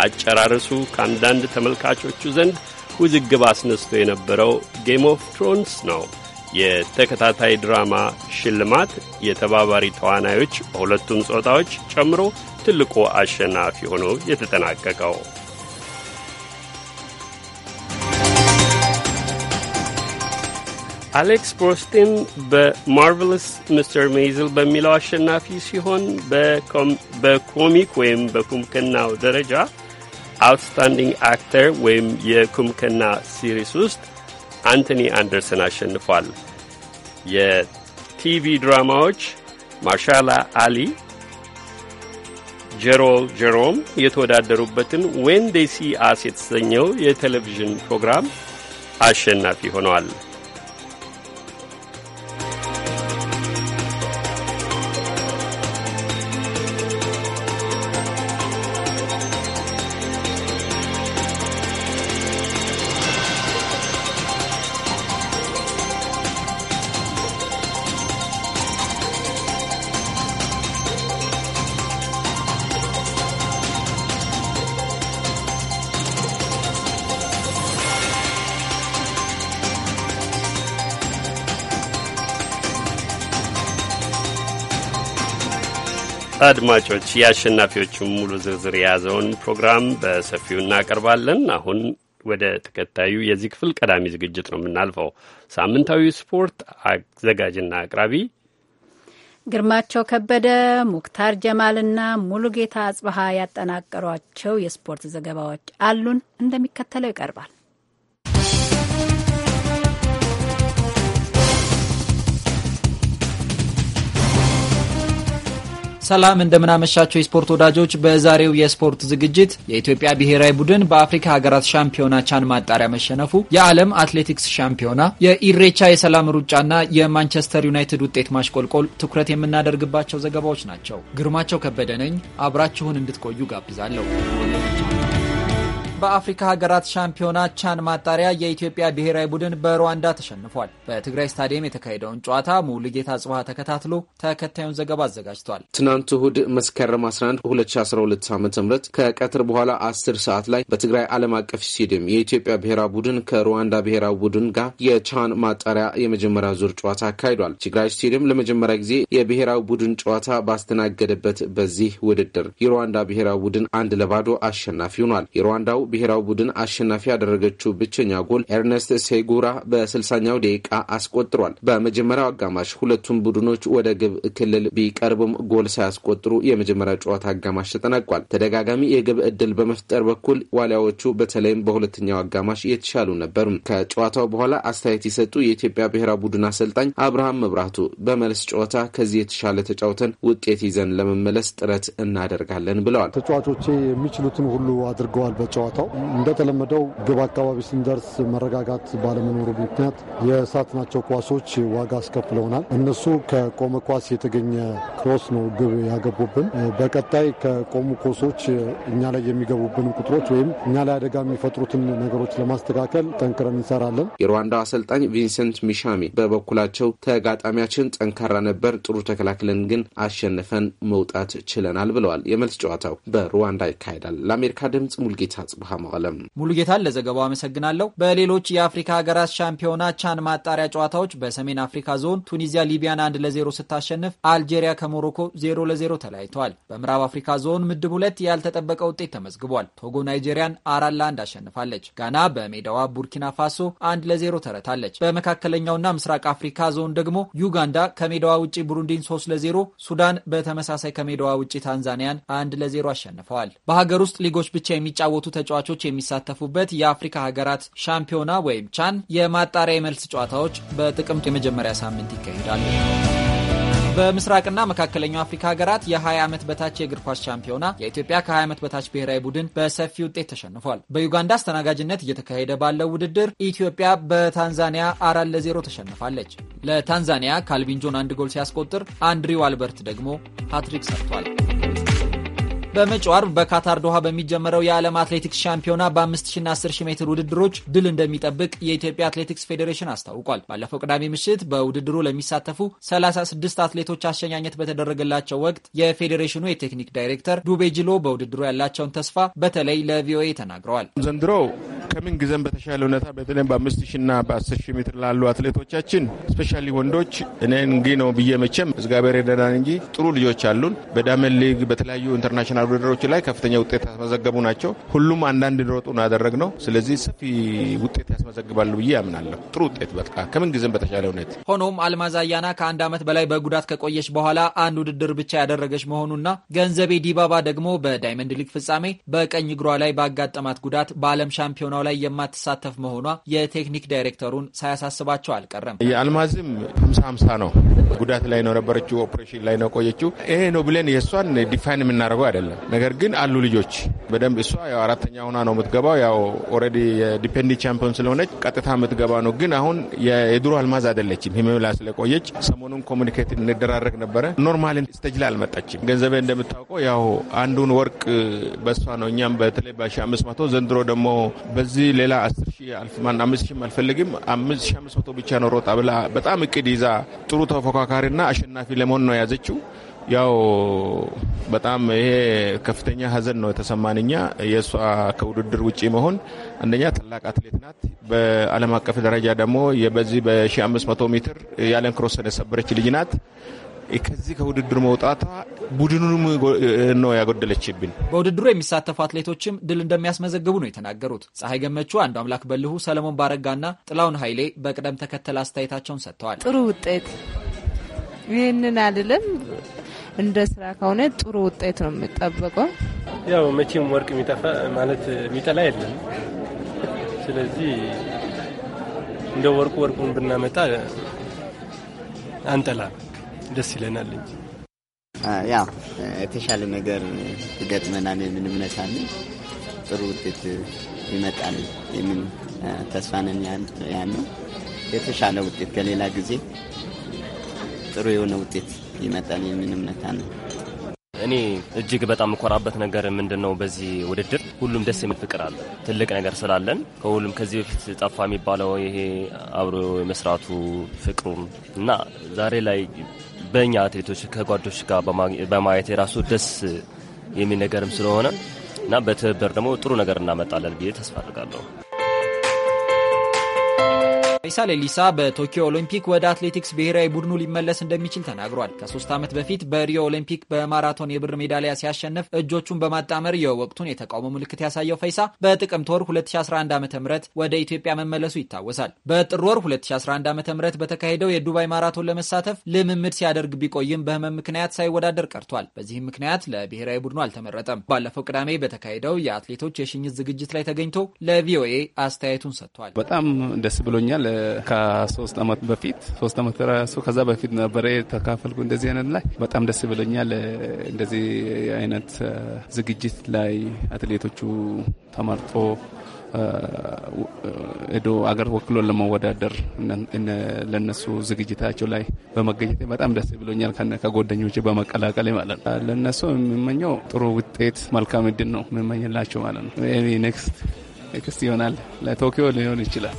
አጨራረሱ ከአንዳንድ ተመልካቾቹ ዘንድ ውዝግብ አስነስቶ የነበረው ጌም ኦፍ ትሮንስ ነው። የተከታታይ ድራማ ሽልማት የተባባሪ ተዋናዮች በሁለቱም ጾታዎች ጨምሮ ትልቁ አሸናፊ ሆኖ የተጠናቀቀው አሌክስ ፕሮስቲን በማርቨለስ ሚስተር ሜይዝል በሚለው አሸናፊ ሲሆን በኮሚክ ወይም በኩምክናው ደረጃ አውትስታንዲንግ አክተር ወይም የኩምክና ሲሪስ ውስጥ አንቶኒ አንደርሰን አሸንፏል። የቲቪ ድራማዎች ማርሻላ አሊ ጀሮል ጀሮም የተወዳደሩበትን ዌን አስ የተሰኘው የቴሌቪዥን ፕሮግራም አሸናፊ ሆነዋል። አድማጮች የአሸናፊዎቹን ሙሉ ዝርዝር የያዘውን ፕሮግራም በሰፊው እናቀርባለን። አሁን ወደ ተከታዩ የዚህ ክፍል ቀዳሚ ዝግጅት ነው የምናልፈው። ሳምንታዊ ስፖርት አዘጋጅና አቅራቢ ግርማቸው ከበደ፣ ሙክታር ጀማልና ሙሉጌታ አጽበሃ ያጠናቀሯቸው የስፖርት ዘገባዎች አሉን። እንደሚከተለው ይቀርባል። ሰላም እንደምናመሻቸው የስፖርት ወዳጆች፣ በዛሬው የስፖርት ዝግጅት የኢትዮጵያ ብሔራዊ ቡድን በአፍሪካ ሀገራት ሻምፒዮና ቻን ማጣሪያ መሸነፉ፣ የዓለም አትሌቲክስ ሻምፒዮና፣ የኢሬቻ የሰላም ሩጫና የማንቸስተር ዩናይትድ ውጤት ማሽቆልቆል ትኩረት የምናደርግባቸው ዘገባዎች ናቸው። ግርማቸው ከበደ ነኝ። አብራችሁን እንድትቆዩ ጋብዛለሁ። በአፍሪካ ሀገራት ሻምፒዮና ቻን ማጣሪያ የኢትዮጵያ ብሔራዊ ቡድን በሩዋንዳ ተሸንፏል። በትግራይ ስታዲየም የተካሄደውን ጨዋታ ሙሉጌታ ጽብሃ ተከታትሎ ተከታዩን ዘገባ አዘጋጅቷል። ትናንት እሁድ መስከረም 11 2012 ዓ ም ከቀትር በኋላ 10 ሰዓት ላይ በትግራይ ዓለም አቀፍ ስቴዲየም የኢትዮጵያ ብሔራዊ ቡድን ከሩዋንዳ ብሔራዊ ቡድን ጋር የቻን ማጣሪያ የመጀመሪያ ዙር ጨዋታ አካሂዷል። ትግራይ ስቴዲየም ለመጀመሪያ ጊዜ የብሔራዊ ቡድን ጨዋታ ባስተናገደበት በዚህ ውድድር የሩዋንዳ ብሔራዊ ቡድን አንድ ለባዶ አሸናፊ ሆኗል። የሩዋንዳው ብሔራዊ ቡድን አሸናፊ ያደረገችው ብቸኛ ጎል ኤርነስት ሴጉራ በስልሳኛው ደቂቃ አስቆጥሯል። በመጀመሪያው አጋማሽ ሁለቱም ቡድኖች ወደ ግብ ክልል ቢቀርቡም ጎል ሳያስቆጥሩ የመጀመሪያው ጨዋታ አጋማሽ ተጠናቋል። ተደጋጋሚ የግብ እድል በመፍጠር በኩል ዋሊያዎቹ በተለይም በሁለተኛው አጋማሽ የተሻሉ ነበሩ። ከጨዋታው በኋላ አስተያየት የሰጡ የኢትዮጵያ ብሔራዊ ቡድን አሰልጣኝ አብርሃም መብራቱ በመልስ ጨዋታ ከዚህ የተሻለ ተጫውተን ውጤት ይዘን ለመመለስ ጥረት እናደርጋለን ብለዋል። ተጫዋቾቼ የሚችሉትን ሁሉ አድርገዋል በጨዋታ የወጣው። እንደተለመደው ግብ አካባቢ ስንደርስ መረጋጋት ባለመኖሩ ምክንያት የሳትናቸው ኳሶች ዋጋ አስከፍለውናል። እነሱ ከቆመ ኳስ የተገኘ ክሮስ ነው ግብ ያገቡብን። በቀጣይ ከቆሙ ኮሶች እኛ ላይ የሚገቡብን ቁጥሮች ወይም እኛ ላይ አደጋ የሚፈጥሩትን ነገሮች ለማስተካከል ጠንክረን እንሰራለን። የሩዋንዳው አሰልጣኝ ቪንሰንት ሚሻሚ በበኩላቸው ተጋጣሚያችን ጠንካራ ነበር፣ ጥሩ ተከላክለን ግን አሸንፈን መውጣት ችለናል ብለዋል። የመልስ ጨዋታው በሩዋንዳ ይካሄዳል። ለአሜሪካ ድምፅ ሙልጌታ አብርሃ መቀለም። ሙሉጌታን ለዘገባው አመሰግናለሁ። በሌሎች የአፍሪካ ሀገራት ሻምፒዮና ቻን ማጣሪያ ጨዋታዎች በሰሜን አፍሪካ ዞን ቱኒዚያ ሊቢያን አንድ ለዜሮ ስታሸንፍ፣ አልጄሪያ ከሞሮኮ ዜሮ ለዜሮ ተለያይተዋል። በምዕራብ አፍሪካ ዞን ምድብ ሁለት ያልተጠበቀ ውጤት ተመዝግቧል። ቶጎ ናይጄሪያን አራት ለአንድ አሸንፋለች። ጋና በሜዳዋ ቡርኪና ፋሶ አንድ ለዜሮ ተረታለች። በመካከለኛውና ምስራቅ አፍሪካ ዞን ደግሞ ዩጋንዳ ከሜዳዋ ውጭ ቡሩንዲን ሶስት ለዜሮ፣ ሱዳን በተመሳሳይ ከሜዳዋ ውጭ ታንዛኒያን አንድ ለዜሮ አሸንፈዋል። በሀገር ውስጥ ሊጎች ብቻ የሚጫወቱ ተጫዋ ተጫዋቾች የሚሳተፉበት የአፍሪካ ሀገራት ሻምፒዮና ወይም ቻን የማጣሪያ የመልስ ጨዋታዎች በጥቅምት የመጀመሪያ ሳምንት ይካሄዳሉ። በምስራቅና መካከለኛው አፍሪካ ሀገራት የ20 ዓመት በታች የእግር ኳስ ሻምፒዮና የኢትዮጵያ ከ20 ዓመት በታች ብሔራዊ ቡድን በሰፊ ውጤት ተሸንፏል። በዩጋንዳ አስተናጋጅነት እየተካሄደ ባለው ውድድር ኢትዮጵያ በታንዛኒያ አራት ለዜሮ ተሸንፋለች። ለታንዛኒያ ካልቪን ጆን አንድ ጎል ሲያስቆጥር አንድሪው አልበርት ደግሞ ሃትሪክ ሰርቷል። በመጪው አርብ በካታር ዶሃ በሚጀመረው የዓለም አትሌቲክስ ሻምፒዮና በ5000ና 10000 ሜትር ውድድሮች ድል እንደሚጠብቅ የኢትዮጵያ አትሌቲክስ ፌዴሬሽን አስታውቋል። ባለፈው ቅዳሜ ምሽት በውድድሩ ለሚሳተፉ 36 አትሌቶች አሸኛኘት በተደረገላቸው ወቅት የፌዴሬሽኑ የቴክኒክ ዳይሬክተር ዱቤ ጅሎ በውድድሩ ያላቸውን ተስፋ በተለይ ለቪኦኤ ተናግረዋል። ዘንድሮ ከምን ጊዜም በተሻለ ሁኔታ በተለይም በአምስት ና በ ሺህ ሜትር ላሉ አትሌቶቻችን ስፔሻሊ ወንዶች እኔ እንግዲህ ነው ብዬ መቼም እግዚአብሔር ይረዳን እንጂ ጥሩ ልጆች አሉን። በዳመን ሊግ በተለያዩ ኢንተርናሽናል የስልጠና ውድድሮች ላይ ከፍተኛ ውጤት ያስመዘገቡ ናቸው። ሁሉም አንዳንድ ድሮጡ ነው ያደረግነው። ስለዚህ ሰፊ ውጤት ያስመዘግባሉ ብዬ አምናለሁ። ጥሩ ውጤት በቃ ከምን ጊዜም በተሻለ እውነት። ሆኖም አልማዝ አያና ከአንድ ዓመት በላይ በጉዳት ከቆየች በኋላ አንድ ውድድር ብቻ ያደረገች መሆኑና ገንዘቤ ዲባባ ደግሞ በዳይመንድ ሊግ ፍጻሜ በቀኝ እግሯ ላይ ባጋጠማት ጉዳት በዓለም ሻምፒዮናው ላይ የማትሳተፍ መሆኗ የቴክኒክ ዳይሬክተሩን ሳያሳስባቸው አልቀረም። የአልማዝም ሀምሳ ሀምሳ ነው። ጉዳት ላይ ነው ነበረችው። ኦፕሬሽን ላይ ነው ቆየችው። ይሄ ነው ብለን የእሷን ዲፋይን የምናደርገው አይደለም። አይደለም። ነገር ግን አሉ ልጆች በደንብ እሷ ያው አራተኛ ሆና ነው የምትገባው። ያው ኦልሬዲ የዲፔንዲ ቻምፒዮን ስለሆነች ቀጥታ የምትገባ ነው። ግን አሁን የድሮ አልማዝ አይደለችም። ህመም ስለቆየች ሰሞኑን ኮሚኒኬት እንደራረግ ነበረ። ኖርማል ስቴጅ ላይ አልመጣችም። ገንዘቤ እንደምታውቀው ያው አንዱን ወርቅ በእሷ ነው። እኛም በተለይ በ አምስት መቶ ዘንድሮ ደግሞ በዚህ ሌላ አስር አምስት አልፈልግም አምስት መቶ ብቻ ነው ሮጣ ብላ በጣም እቅድ ይዛ ጥሩ ተፎካካሪና አሸናፊ ለመሆን ነው የያዘችው። ያው በጣም ይሄ ከፍተኛ ሀዘን ነው የተሰማን እኛ። የእሷ ከውድድር ውጪ መሆን አንደኛ ታላቅ አትሌት ናት። በአለም አቀፍ ደረጃ ደግሞ በዚህ በ1500 ሜትር የዓለም ክሮሰን የሰበረች ልጅ ናት። ከዚህ ከውድድር መውጣቷ ቡድኑንም ነው ያጎደለችብን። በውድድሩ የሚሳተፉ አትሌቶችም ድል እንደሚያስመዘግቡ ነው የተናገሩት። ፀሐይ ገመቹ፣ አንዱ አምላክ በልሁ፣ ሰለሞን ባረጋና ጥላውን ኃይሌ በቅደም ተከተል አስተያየታቸውን ሰጥተዋል። ጥሩ ውጤት ይህንን አልልም። እንደ ስራ ከሆነ ጥሩ ውጤት ነው የምጠበቀው ያው መቼም ወርቅ የሚጠፋ ማለት የሚጠላ የለም። ስለዚህ እንደ ወርቁ ወርቁን ብናመጣ አንጠላ ደስ ይለናል እንጂ ያው የተሻለ ነገር ይገጥመናል የምን እምነት ጥሩ ውጤት ይመጣል የምን ተስፋንን ያን ነው የተሻለ ውጤት ከሌላ ጊዜ ጥሩ የሆነ ውጤት ይመጣል የሚል እምነት አለ። እኔ እጅግ በጣም የምኮራበት ነገር ምንድን ነው? በዚህ ውድድር ሁሉም ደስ የሚል ፍቅር አለ። ትልቅ ነገር ስላለን ከሁሉም ከዚህ በፊት ጠፋ የሚባለው ይሄ አብሮ የመስራቱ ፍቅሩም እና ዛሬ ላይ በእኛ አትሌቶች ከጓዶች ጋር በማየት የራሱ ደስ የሚል ነገርም ስለሆነ እና በትብብር ደግሞ ጥሩ ነገር እናመጣለን ብዬ ተስፋ አድርጋለሁ። ጤሳ ሌሊሳ በቶኪዮ ኦሎምፒክ ወደ አትሌቲክስ ብሔራዊ ቡድኑ ሊመለስ እንደሚችል ተናግሯል። ከሶስት ዓመት በፊት በሪዮ ኦሎምፒክ በማራቶን የብር ሜዳሊያ ሲያሸንፍ እጆቹን በማጣመር የወቅቱን የተቃውሞ ምልክት ያሳየው ፈይሳ በጥቅምት ወር 2011 ዓ ም ወደ ኢትዮጵያ መመለሱ ይታወሳል። በጥር ወር 2011 ዓ ም በተካሄደው የዱባይ ማራቶን ለመሳተፍ ልምምድ ሲያደርግ ቢቆይም በህመም ምክንያት ሳይወዳደር ቀርቷል። በዚህም ምክንያት ለብሔራዊ ቡድኑ አልተመረጠም። ባለፈው ቅዳሜ በተካሄደው የአትሌቶች የሽኝት ዝግጅት ላይ ተገኝቶ ለቪኦኤ አስተያየቱን ሰጥቷል። በጣም ደስ ብሎኛል። ከሶስት አመት በፊት ሶስት አመት ራሱ ከዛ በፊት ነበረ ተካፈልኩ። እንደዚህ አይነት ላይ በጣም ደስ ብለኛል። እንደዚህ አይነት ዝግጅት ላይ አትሌቶቹ ተመርጦ ሄዶ አገር ወክሎ ለመወዳደር ለነሱ ዝግጅታቸው ላይ በመገኘት በጣም ደስ ብሎኛል። ከጓደኞች በመቀላቀል ማለት ነው። ለነሱ የምመኘው ጥሩ ውጤት፣ መልካም እድል ነው የምመኝላቸው ማለት ነው። ኔክስት ኔክስት ይሆናል ለቶኪዮ ሊሆን ይችላል።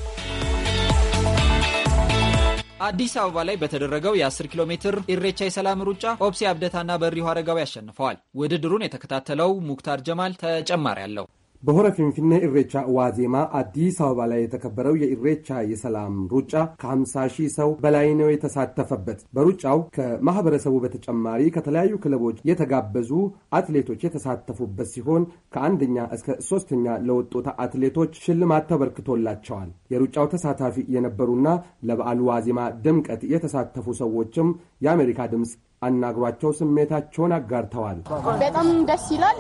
አዲስ አበባ ላይ በተደረገው የ10 ኪሎ ሜትር ኢሬቻ የሰላም ሩጫ ኦፕሲ አብደታና በሪሁ አረጋዊ አሸንፈዋል። ውድድሩን የተከታተለው ሙክታር ጀማል ተጨማሪ አለው። በሆረ ፊንፊኔ ኢሬቻ ዋዜማ አዲስ አበባ ላይ የተከበረው የኢሬቻ የሰላም ሩጫ ከ50 ሺህ ሰው በላይ ነው የተሳተፈበት። በሩጫው ከማህበረሰቡ በተጨማሪ ከተለያዩ ክለቦች የተጋበዙ አትሌቶች የተሳተፉበት ሲሆን ከአንደኛ እስከ ሶስተኛ ለወጡት አትሌቶች ሽልማት ተበርክቶላቸዋል። የሩጫው ተሳታፊ የነበሩና ለበዓሉ ዋዜማ ድምቀት የተሳተፉ ሰዎችም የአሜሪካ ድምፅ አናግሯቸው ስሜታቸውን አጋርተዋል። በጣም ደስ ይላል።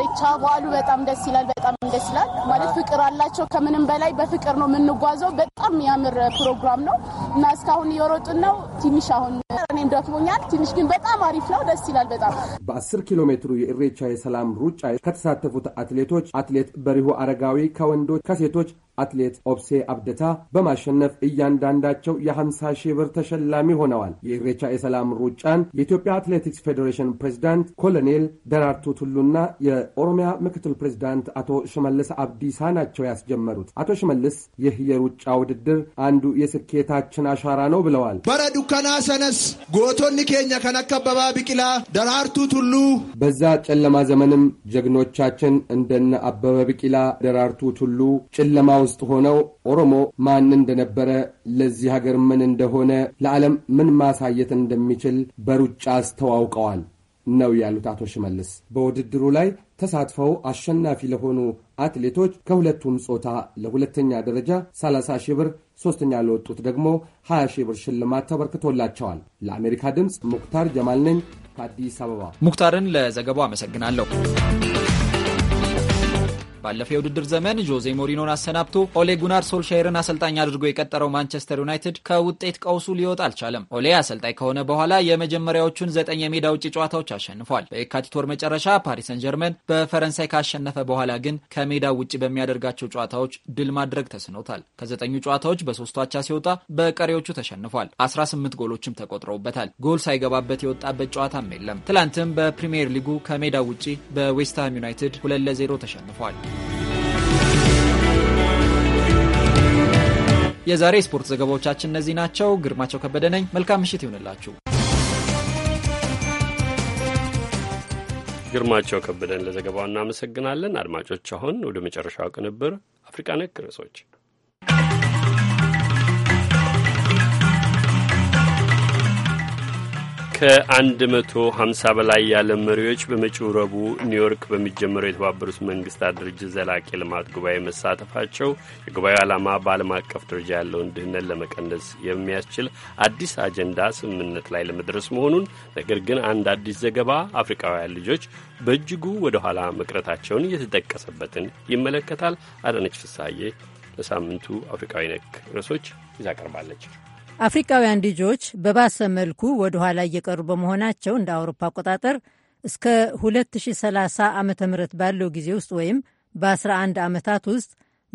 ሬቻ በዓሉ በጣም ደስ ይላል። በጣም ደስ ይላል ማለት ፍቅር አላቸው። ከምንም በላይ በፍቅር ነው የምንጓዘው። በጣም የሚያምር ፕሮግራም ነው እና እስካሁን እየሮጥን ነው። ትንሽ አሁን እኔም ደክሞኛል ትንሽ፣ ግን በጣም አሪፍ ነው። ደስ ይላል በጣም። በአስር ኪሎ ሜትሩ የኢሬቻ የሰላም ሩጫ ከተሳተፉት አትሌቶች አትሌት በሪሁ አረጋዊ ከወንዶች ከሴቶች አትሌት ኦብሴ አብደታ በማሸነፍ እያንዳንዳቸው የ50 ሺህ ብር ተሸላሚ ሆነዋል። የኢሬቻ የሰላም ሩጫን የኢትዮጵያ አትሌቲክስ ፌዴሬሽን ፕሬዚዳንት ኮሎኔል ደራርቱ ቱሉና የኦሮሚያ ምክትል ፕሬዚዳንት አቶ ሽመልስ አብዲሳ ናቸው ያስጀመሩት። አቶ ሽመልስ ይህ የሩጫ ውድድር አንዱ የስኬታችን አሻራ ነው ብለዋል። በረ ዱከና ሰነስ ጎቶን ኬኛ ከነከበባ ቢቂላ ደራርቱ ቱሉ በዛ ጨለማ ዘመንም ጀግኖቻችን እንደነ አበበ ቢቂላ፣ ደራርቱ ቱሉ ጨለማው ውስጥ ሆነው ኦሮሞ ማን እንደነበረ ለዚህ ሀገር ምን እንደሆነ ለዓለም ምን ማሳየት እንደሚችል በሩጫ አስተዋውቀዋል ነው ያሉት አቶ ሽመልስ። በውድድሩ ላይ ተሳትፈው አሸናፊ ለሆኑ አትሌቶች ከሁለቱም ጾታ ለሁለተኛ ደረጃ 30 ሺህ ብር፣ ሦስተኛ ለወጡት ደግሞ 20 ሺህ ብር ሽልማት ተበርክቶላቸዋል። ለአሜሪካ ድምፅ ሙክታር ጀማል ነኝ ከአዲስ አበባ። ሙክታርን ለዘገባው አመሰግናለሁ። ባለፈው የውድድር ዘመን ጆዜ ሞሪኖን አሰናብቶ ኦሌ ጉናር ሶልሻየርን አሰልጣኝ አድርጎ የቀጠረው ማንቸስተር ዩናይትድ ከውጤት ቀውሱ ሊወጣ አልቻለም። ኦሌ አሰልጣኝ ከሆነ በኋላ የመጀመሪያዎቹን ዘጠኝ የሜዳ ውጭ ጨዋታዎች አሸንፏል። በየካቲት ወር መጨረሻ ፓሪስ ሰን ጀርመን በፈረንሳይ ካሸነፈ በኋላ ግን ከሜዳ ውጭ በሚያደርጋቸው ጨዋታዎች ድል ማድረግ ተስኖታል። ከዘጠኙ ጨዋታዎች በሶስቱ አቻ ሲወጣ በቀሪዎቹ ተሸንፏል። 18 ጎሎችም ተቆጥረውበታል። ጎል ሳይገባበት የወጣበት ጨዋታም የለም። ትላንትም በፕሪምየር ሊጉ ከሜዳ ውጪ በዌስትሃም ዩናይትድ 2 ለ0 ተሸንፏል። የዛሬ ስፖርት ዘገባዎቻችን እነዚህ ናቸው። ግርማቸው ከበደ ነኝ። መልካም ምሽት ይሁንላችሁ። ግርማቸው ከበደን ለዘገባው እናመሰግናለን። አድማጮች፣ አሁን ወደ መጨረሻው ቅንብር አፍሪቃ ነክ ርዕሶች ከአንድ መቶ ሀምሳ በላይ የዓለም መሪዎች በመጪው ረቡዕ ኒውዮርክ በሚጀመረው የተባበሩት መንግስታት ድርጅት ዘላቂ ልማት ጉባኤ መሳተፋቸው የጉባኤው ዓላማ በዓለም አቀፍ ደረጃ ያለውን ድህነት ለመቀነስ የሚያስችል አዲስ አጀንዳ ስምምነት ላይ ለመድረስ መሆኑን፣ ነገር ግን አንድ አዲስ ዘገባ አፍሪካውያን ልጆች በእጅጉ ወደ ኋላ መቅረታቸውን እየተጠቀሰበትን ይመለከታል። አዳነች ፍሳዬ ለሳምንቱ አፍሪካዊ ነክ ርዕሶች ይዛ ቀርባለች። አፍሪካውያን ልጆች በባሰ መልኩ ወደ ኋላ እየቀሩ በመሆናቸው እንደ አውሮፓ አቆጣጠር እስከ 2030 ዓ ም ባለው ጊዜ ውስጥ ወይም በ11 ዓመታት ውስጥ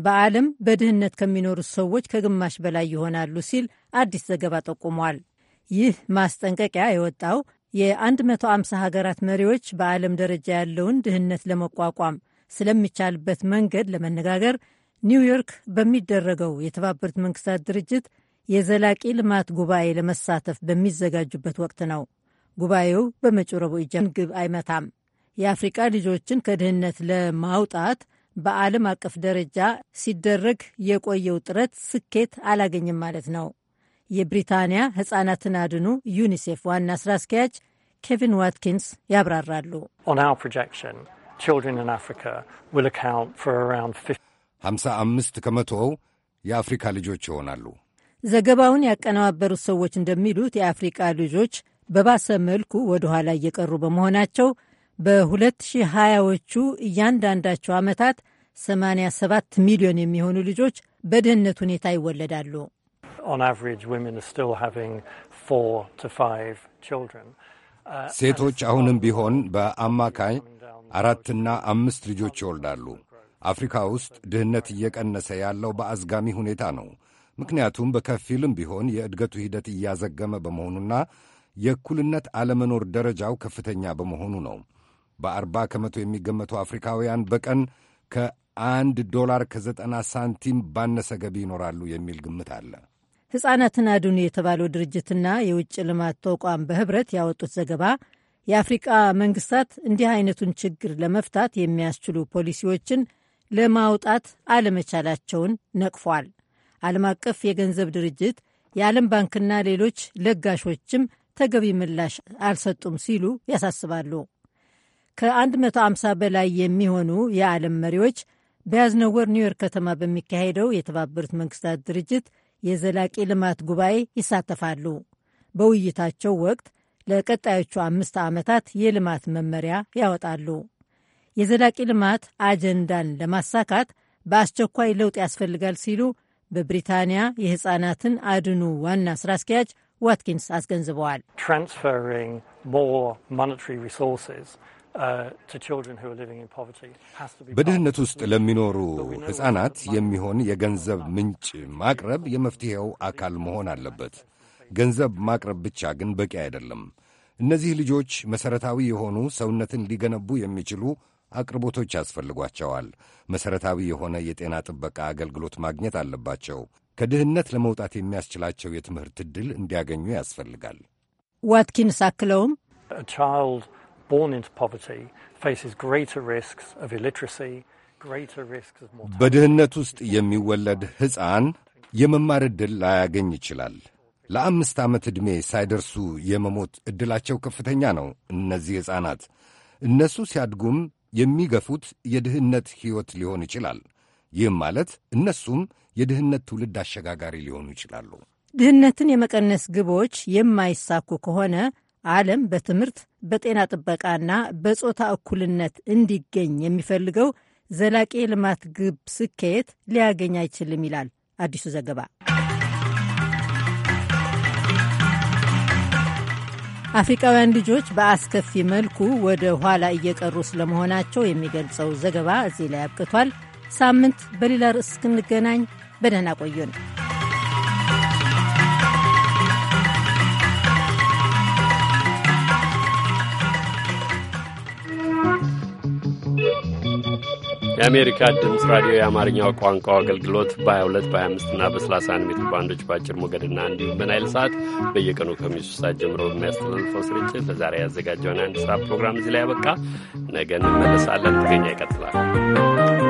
በዓለም በድህነት ከሚኖሩት ሰዎች ከግማሽ በላይ ይሆናሉ ሲል አዲስ ዘገባ ጠቁሟል። ይህ ማስጠንቀቂያ የወጣው የ150 ሀገራት መሪዎች በዓለም ደረጃ ያለውን ድህነት ለመቋቋም ስለሚቻልበት መንገድ ለመነጋገር ኒውዮርክ በሚደረገው የተባበሩት መንግስታት ድርጅት የዘላቂ ልማት ጉባኤ ለመሳተፍ በሚዘጋጁበት ወቅት ነው። ጉባኤው በመጪው ረቡዕ ይጀምራል። ምግብ አይመታም። የአፍሪቃ ልጆችን ከድህነት ለማውጣት በዓለም አቀፍ ደረጃ ሲደረግ የቆየው ጥረት ስኬት አላገኝም ማለት ነው። የብሪታንያ ሕፃናትን አድኑ ዩኒሴፍ ዋና ስራ አስኪያጅ ኬቪን ዋትኪንስ ያብራራሉ። 55 ከመቶው የአፍሪካ ልጆች ይሆናሉ። ዘገባውን ያቀነባበሩት ሰዎች እንደሚሉት የአፍሪቃ ልጆች በባሰ መልኩ ወደ ኋላ እየቀሩ በመሆናቸው በ2020ዎቹ እያንዳንዳቸው ዓመታት 87 ሚሊዮን የሚሆኑ ልጆች በድህነት ሁኔታ ይወለዳሉ። uh, ሴቶች አሁንም ቢሆን በአማካይ አራትና አምስት ልጆች ይወልዳሉ። አፍሪካ ውስጥ ድህነት እየቀነሰ ያለው በአዝጋሚ ሁኔታ ነው። ምክንያቱም በከፊልም ቢሆን የእድገቱ ሂደት እያዘገመ በመሆኑና የእኩልነት አለመኖር ደረጃው ከፍተኛ በመሆኑ ነው። በአርባ ከመቶ የሚገመቱ አፍሪካውያን በቀን ከአንድ ዶላር ከዘጠና ሳንቲም ባነሰ ገቢ ይኖራሉ የሚል ግምት አለ። ሕፃናትን አድኑ የተባለው ድርጅትና የውጭ ልማት ተቋም በህብረት ያወጡት ዘገባ የአፍሪቃ መንግስታት እንዲህ አይነቱን ችግር ለመፍታት የሚያስችሉ ፖሊሲዎችን ለማውጣት አለመቻላቸውን ነቅፏል። ዓለም አቀፍ የገንዘብ ድርጅት፣ የዓለም ባንክና ሌሎች ለጋሾችም ተገቢ ምላሽ አልሰጡም ሲሉ ያሳስባሉ። ከ150 በላይ የሚሆኑ የዓለም መሪዎች በያዝነው ወር ኒውዮርክ ከተማ በሚካሄደው የተባበሩት መንግስታት ድርጅት የዘላቂ ልማት ጉባኤ ይሳተፋሉ። በውይይታቸው ወቅት ለቀጣዮቹ አምስት ዓመታት የልማት መመሪያ ያወጣሉ። የዘላቂ ልማት አጀንዳን ለማሳካት በአስቸኳይ ለውጥ ያስፈልጋል ሲሉ በብሪታንያ የህፃናትን አድኑ ዋና ስራ አስኪያጅ ዋትኪንስ አስገንዝበዋል። uh, በድህነት ውስጥ ለሚኖሩ ሕፃናት የሚሆን የገንዘብ ምንጭ ማቅረብ የመፍትሔው አካል መሆን አለበት። ገንዘብ ማቅረብ ብቻ ግን በቂ አይደለም። እነዚህ ልጆች መሠረታዊ የሆኑ ሰውነትን ሊገነቡ የሚችሉ አቅርቦቶች ያስፈልጓቸዋል። መሠረታዊ የሆነ የጤና ጥበቃ አገልግሎት ማግኘት አለባቸው። ከድህነት ለመውጣት የሚያስችላቸው የትምህርት ዕድል እንዲያገኙ ያስፈልጋል። ዋትኪንስ አክለውም በድህነት ውስጥ የሚወለድ ሕፃን የመማር ዕድል ላያገኝ ይችላል። ለአምስት ዓመት ዕድሜ ሳይደርሱ የመሞት ዕድላቸው ከፍተኛ ነው። እነዚህ ሕፃናት እነሱ ሲያድጉም የሚገፉት የድህነት ሕይወት ሊሆን ይችላል። ይህም ማለት እነሱም የድህነት ትውልድ አሸጋጋሪ ሊሆኑ ይችላሉ። ድህነትን የመቀነስ ግቦች የማይሳኩ ከሆነ ዓለም በትምህርት በጤና ጥበቃና በጾታ እኩልነት እንዲገኝ የሚፈልገው ዘላቂ የልማት ግብ ስኬት ሊያገኝ አይችልም ይላል አዲሱ ዘገባ። አፍሪካውያን ልጆች በአስከፊ መልኩ ወደ ኋላ እየቀሩ ስለመሆናቸው የሚገልጸው ዘገባ እዚህ ላይ አብቅቷል። ሳምንት በሌላ ርዕስ እስክንገናኝ በደህና ቆዩን። የአሜሪካ ድምፅ ራዲዮ የአማርኛው ቋንቋ አገልግሎት በ22 በ25ና በ31 ሜትር ባንዶች በአጭር ሞገድና እንዲሁም በናይል ሰዓት በየቀኑ ከሚሱ ሰዓት ጀምሮ በሚያስተላልፈው ስርጭት ለዛሬ ያዘጋጀውን አንድ ሰዓት ፕሮግራም እዚህ ላይ ያበቃ። ነገ እንመለሳለን። ትገኛ ይቀጥላል።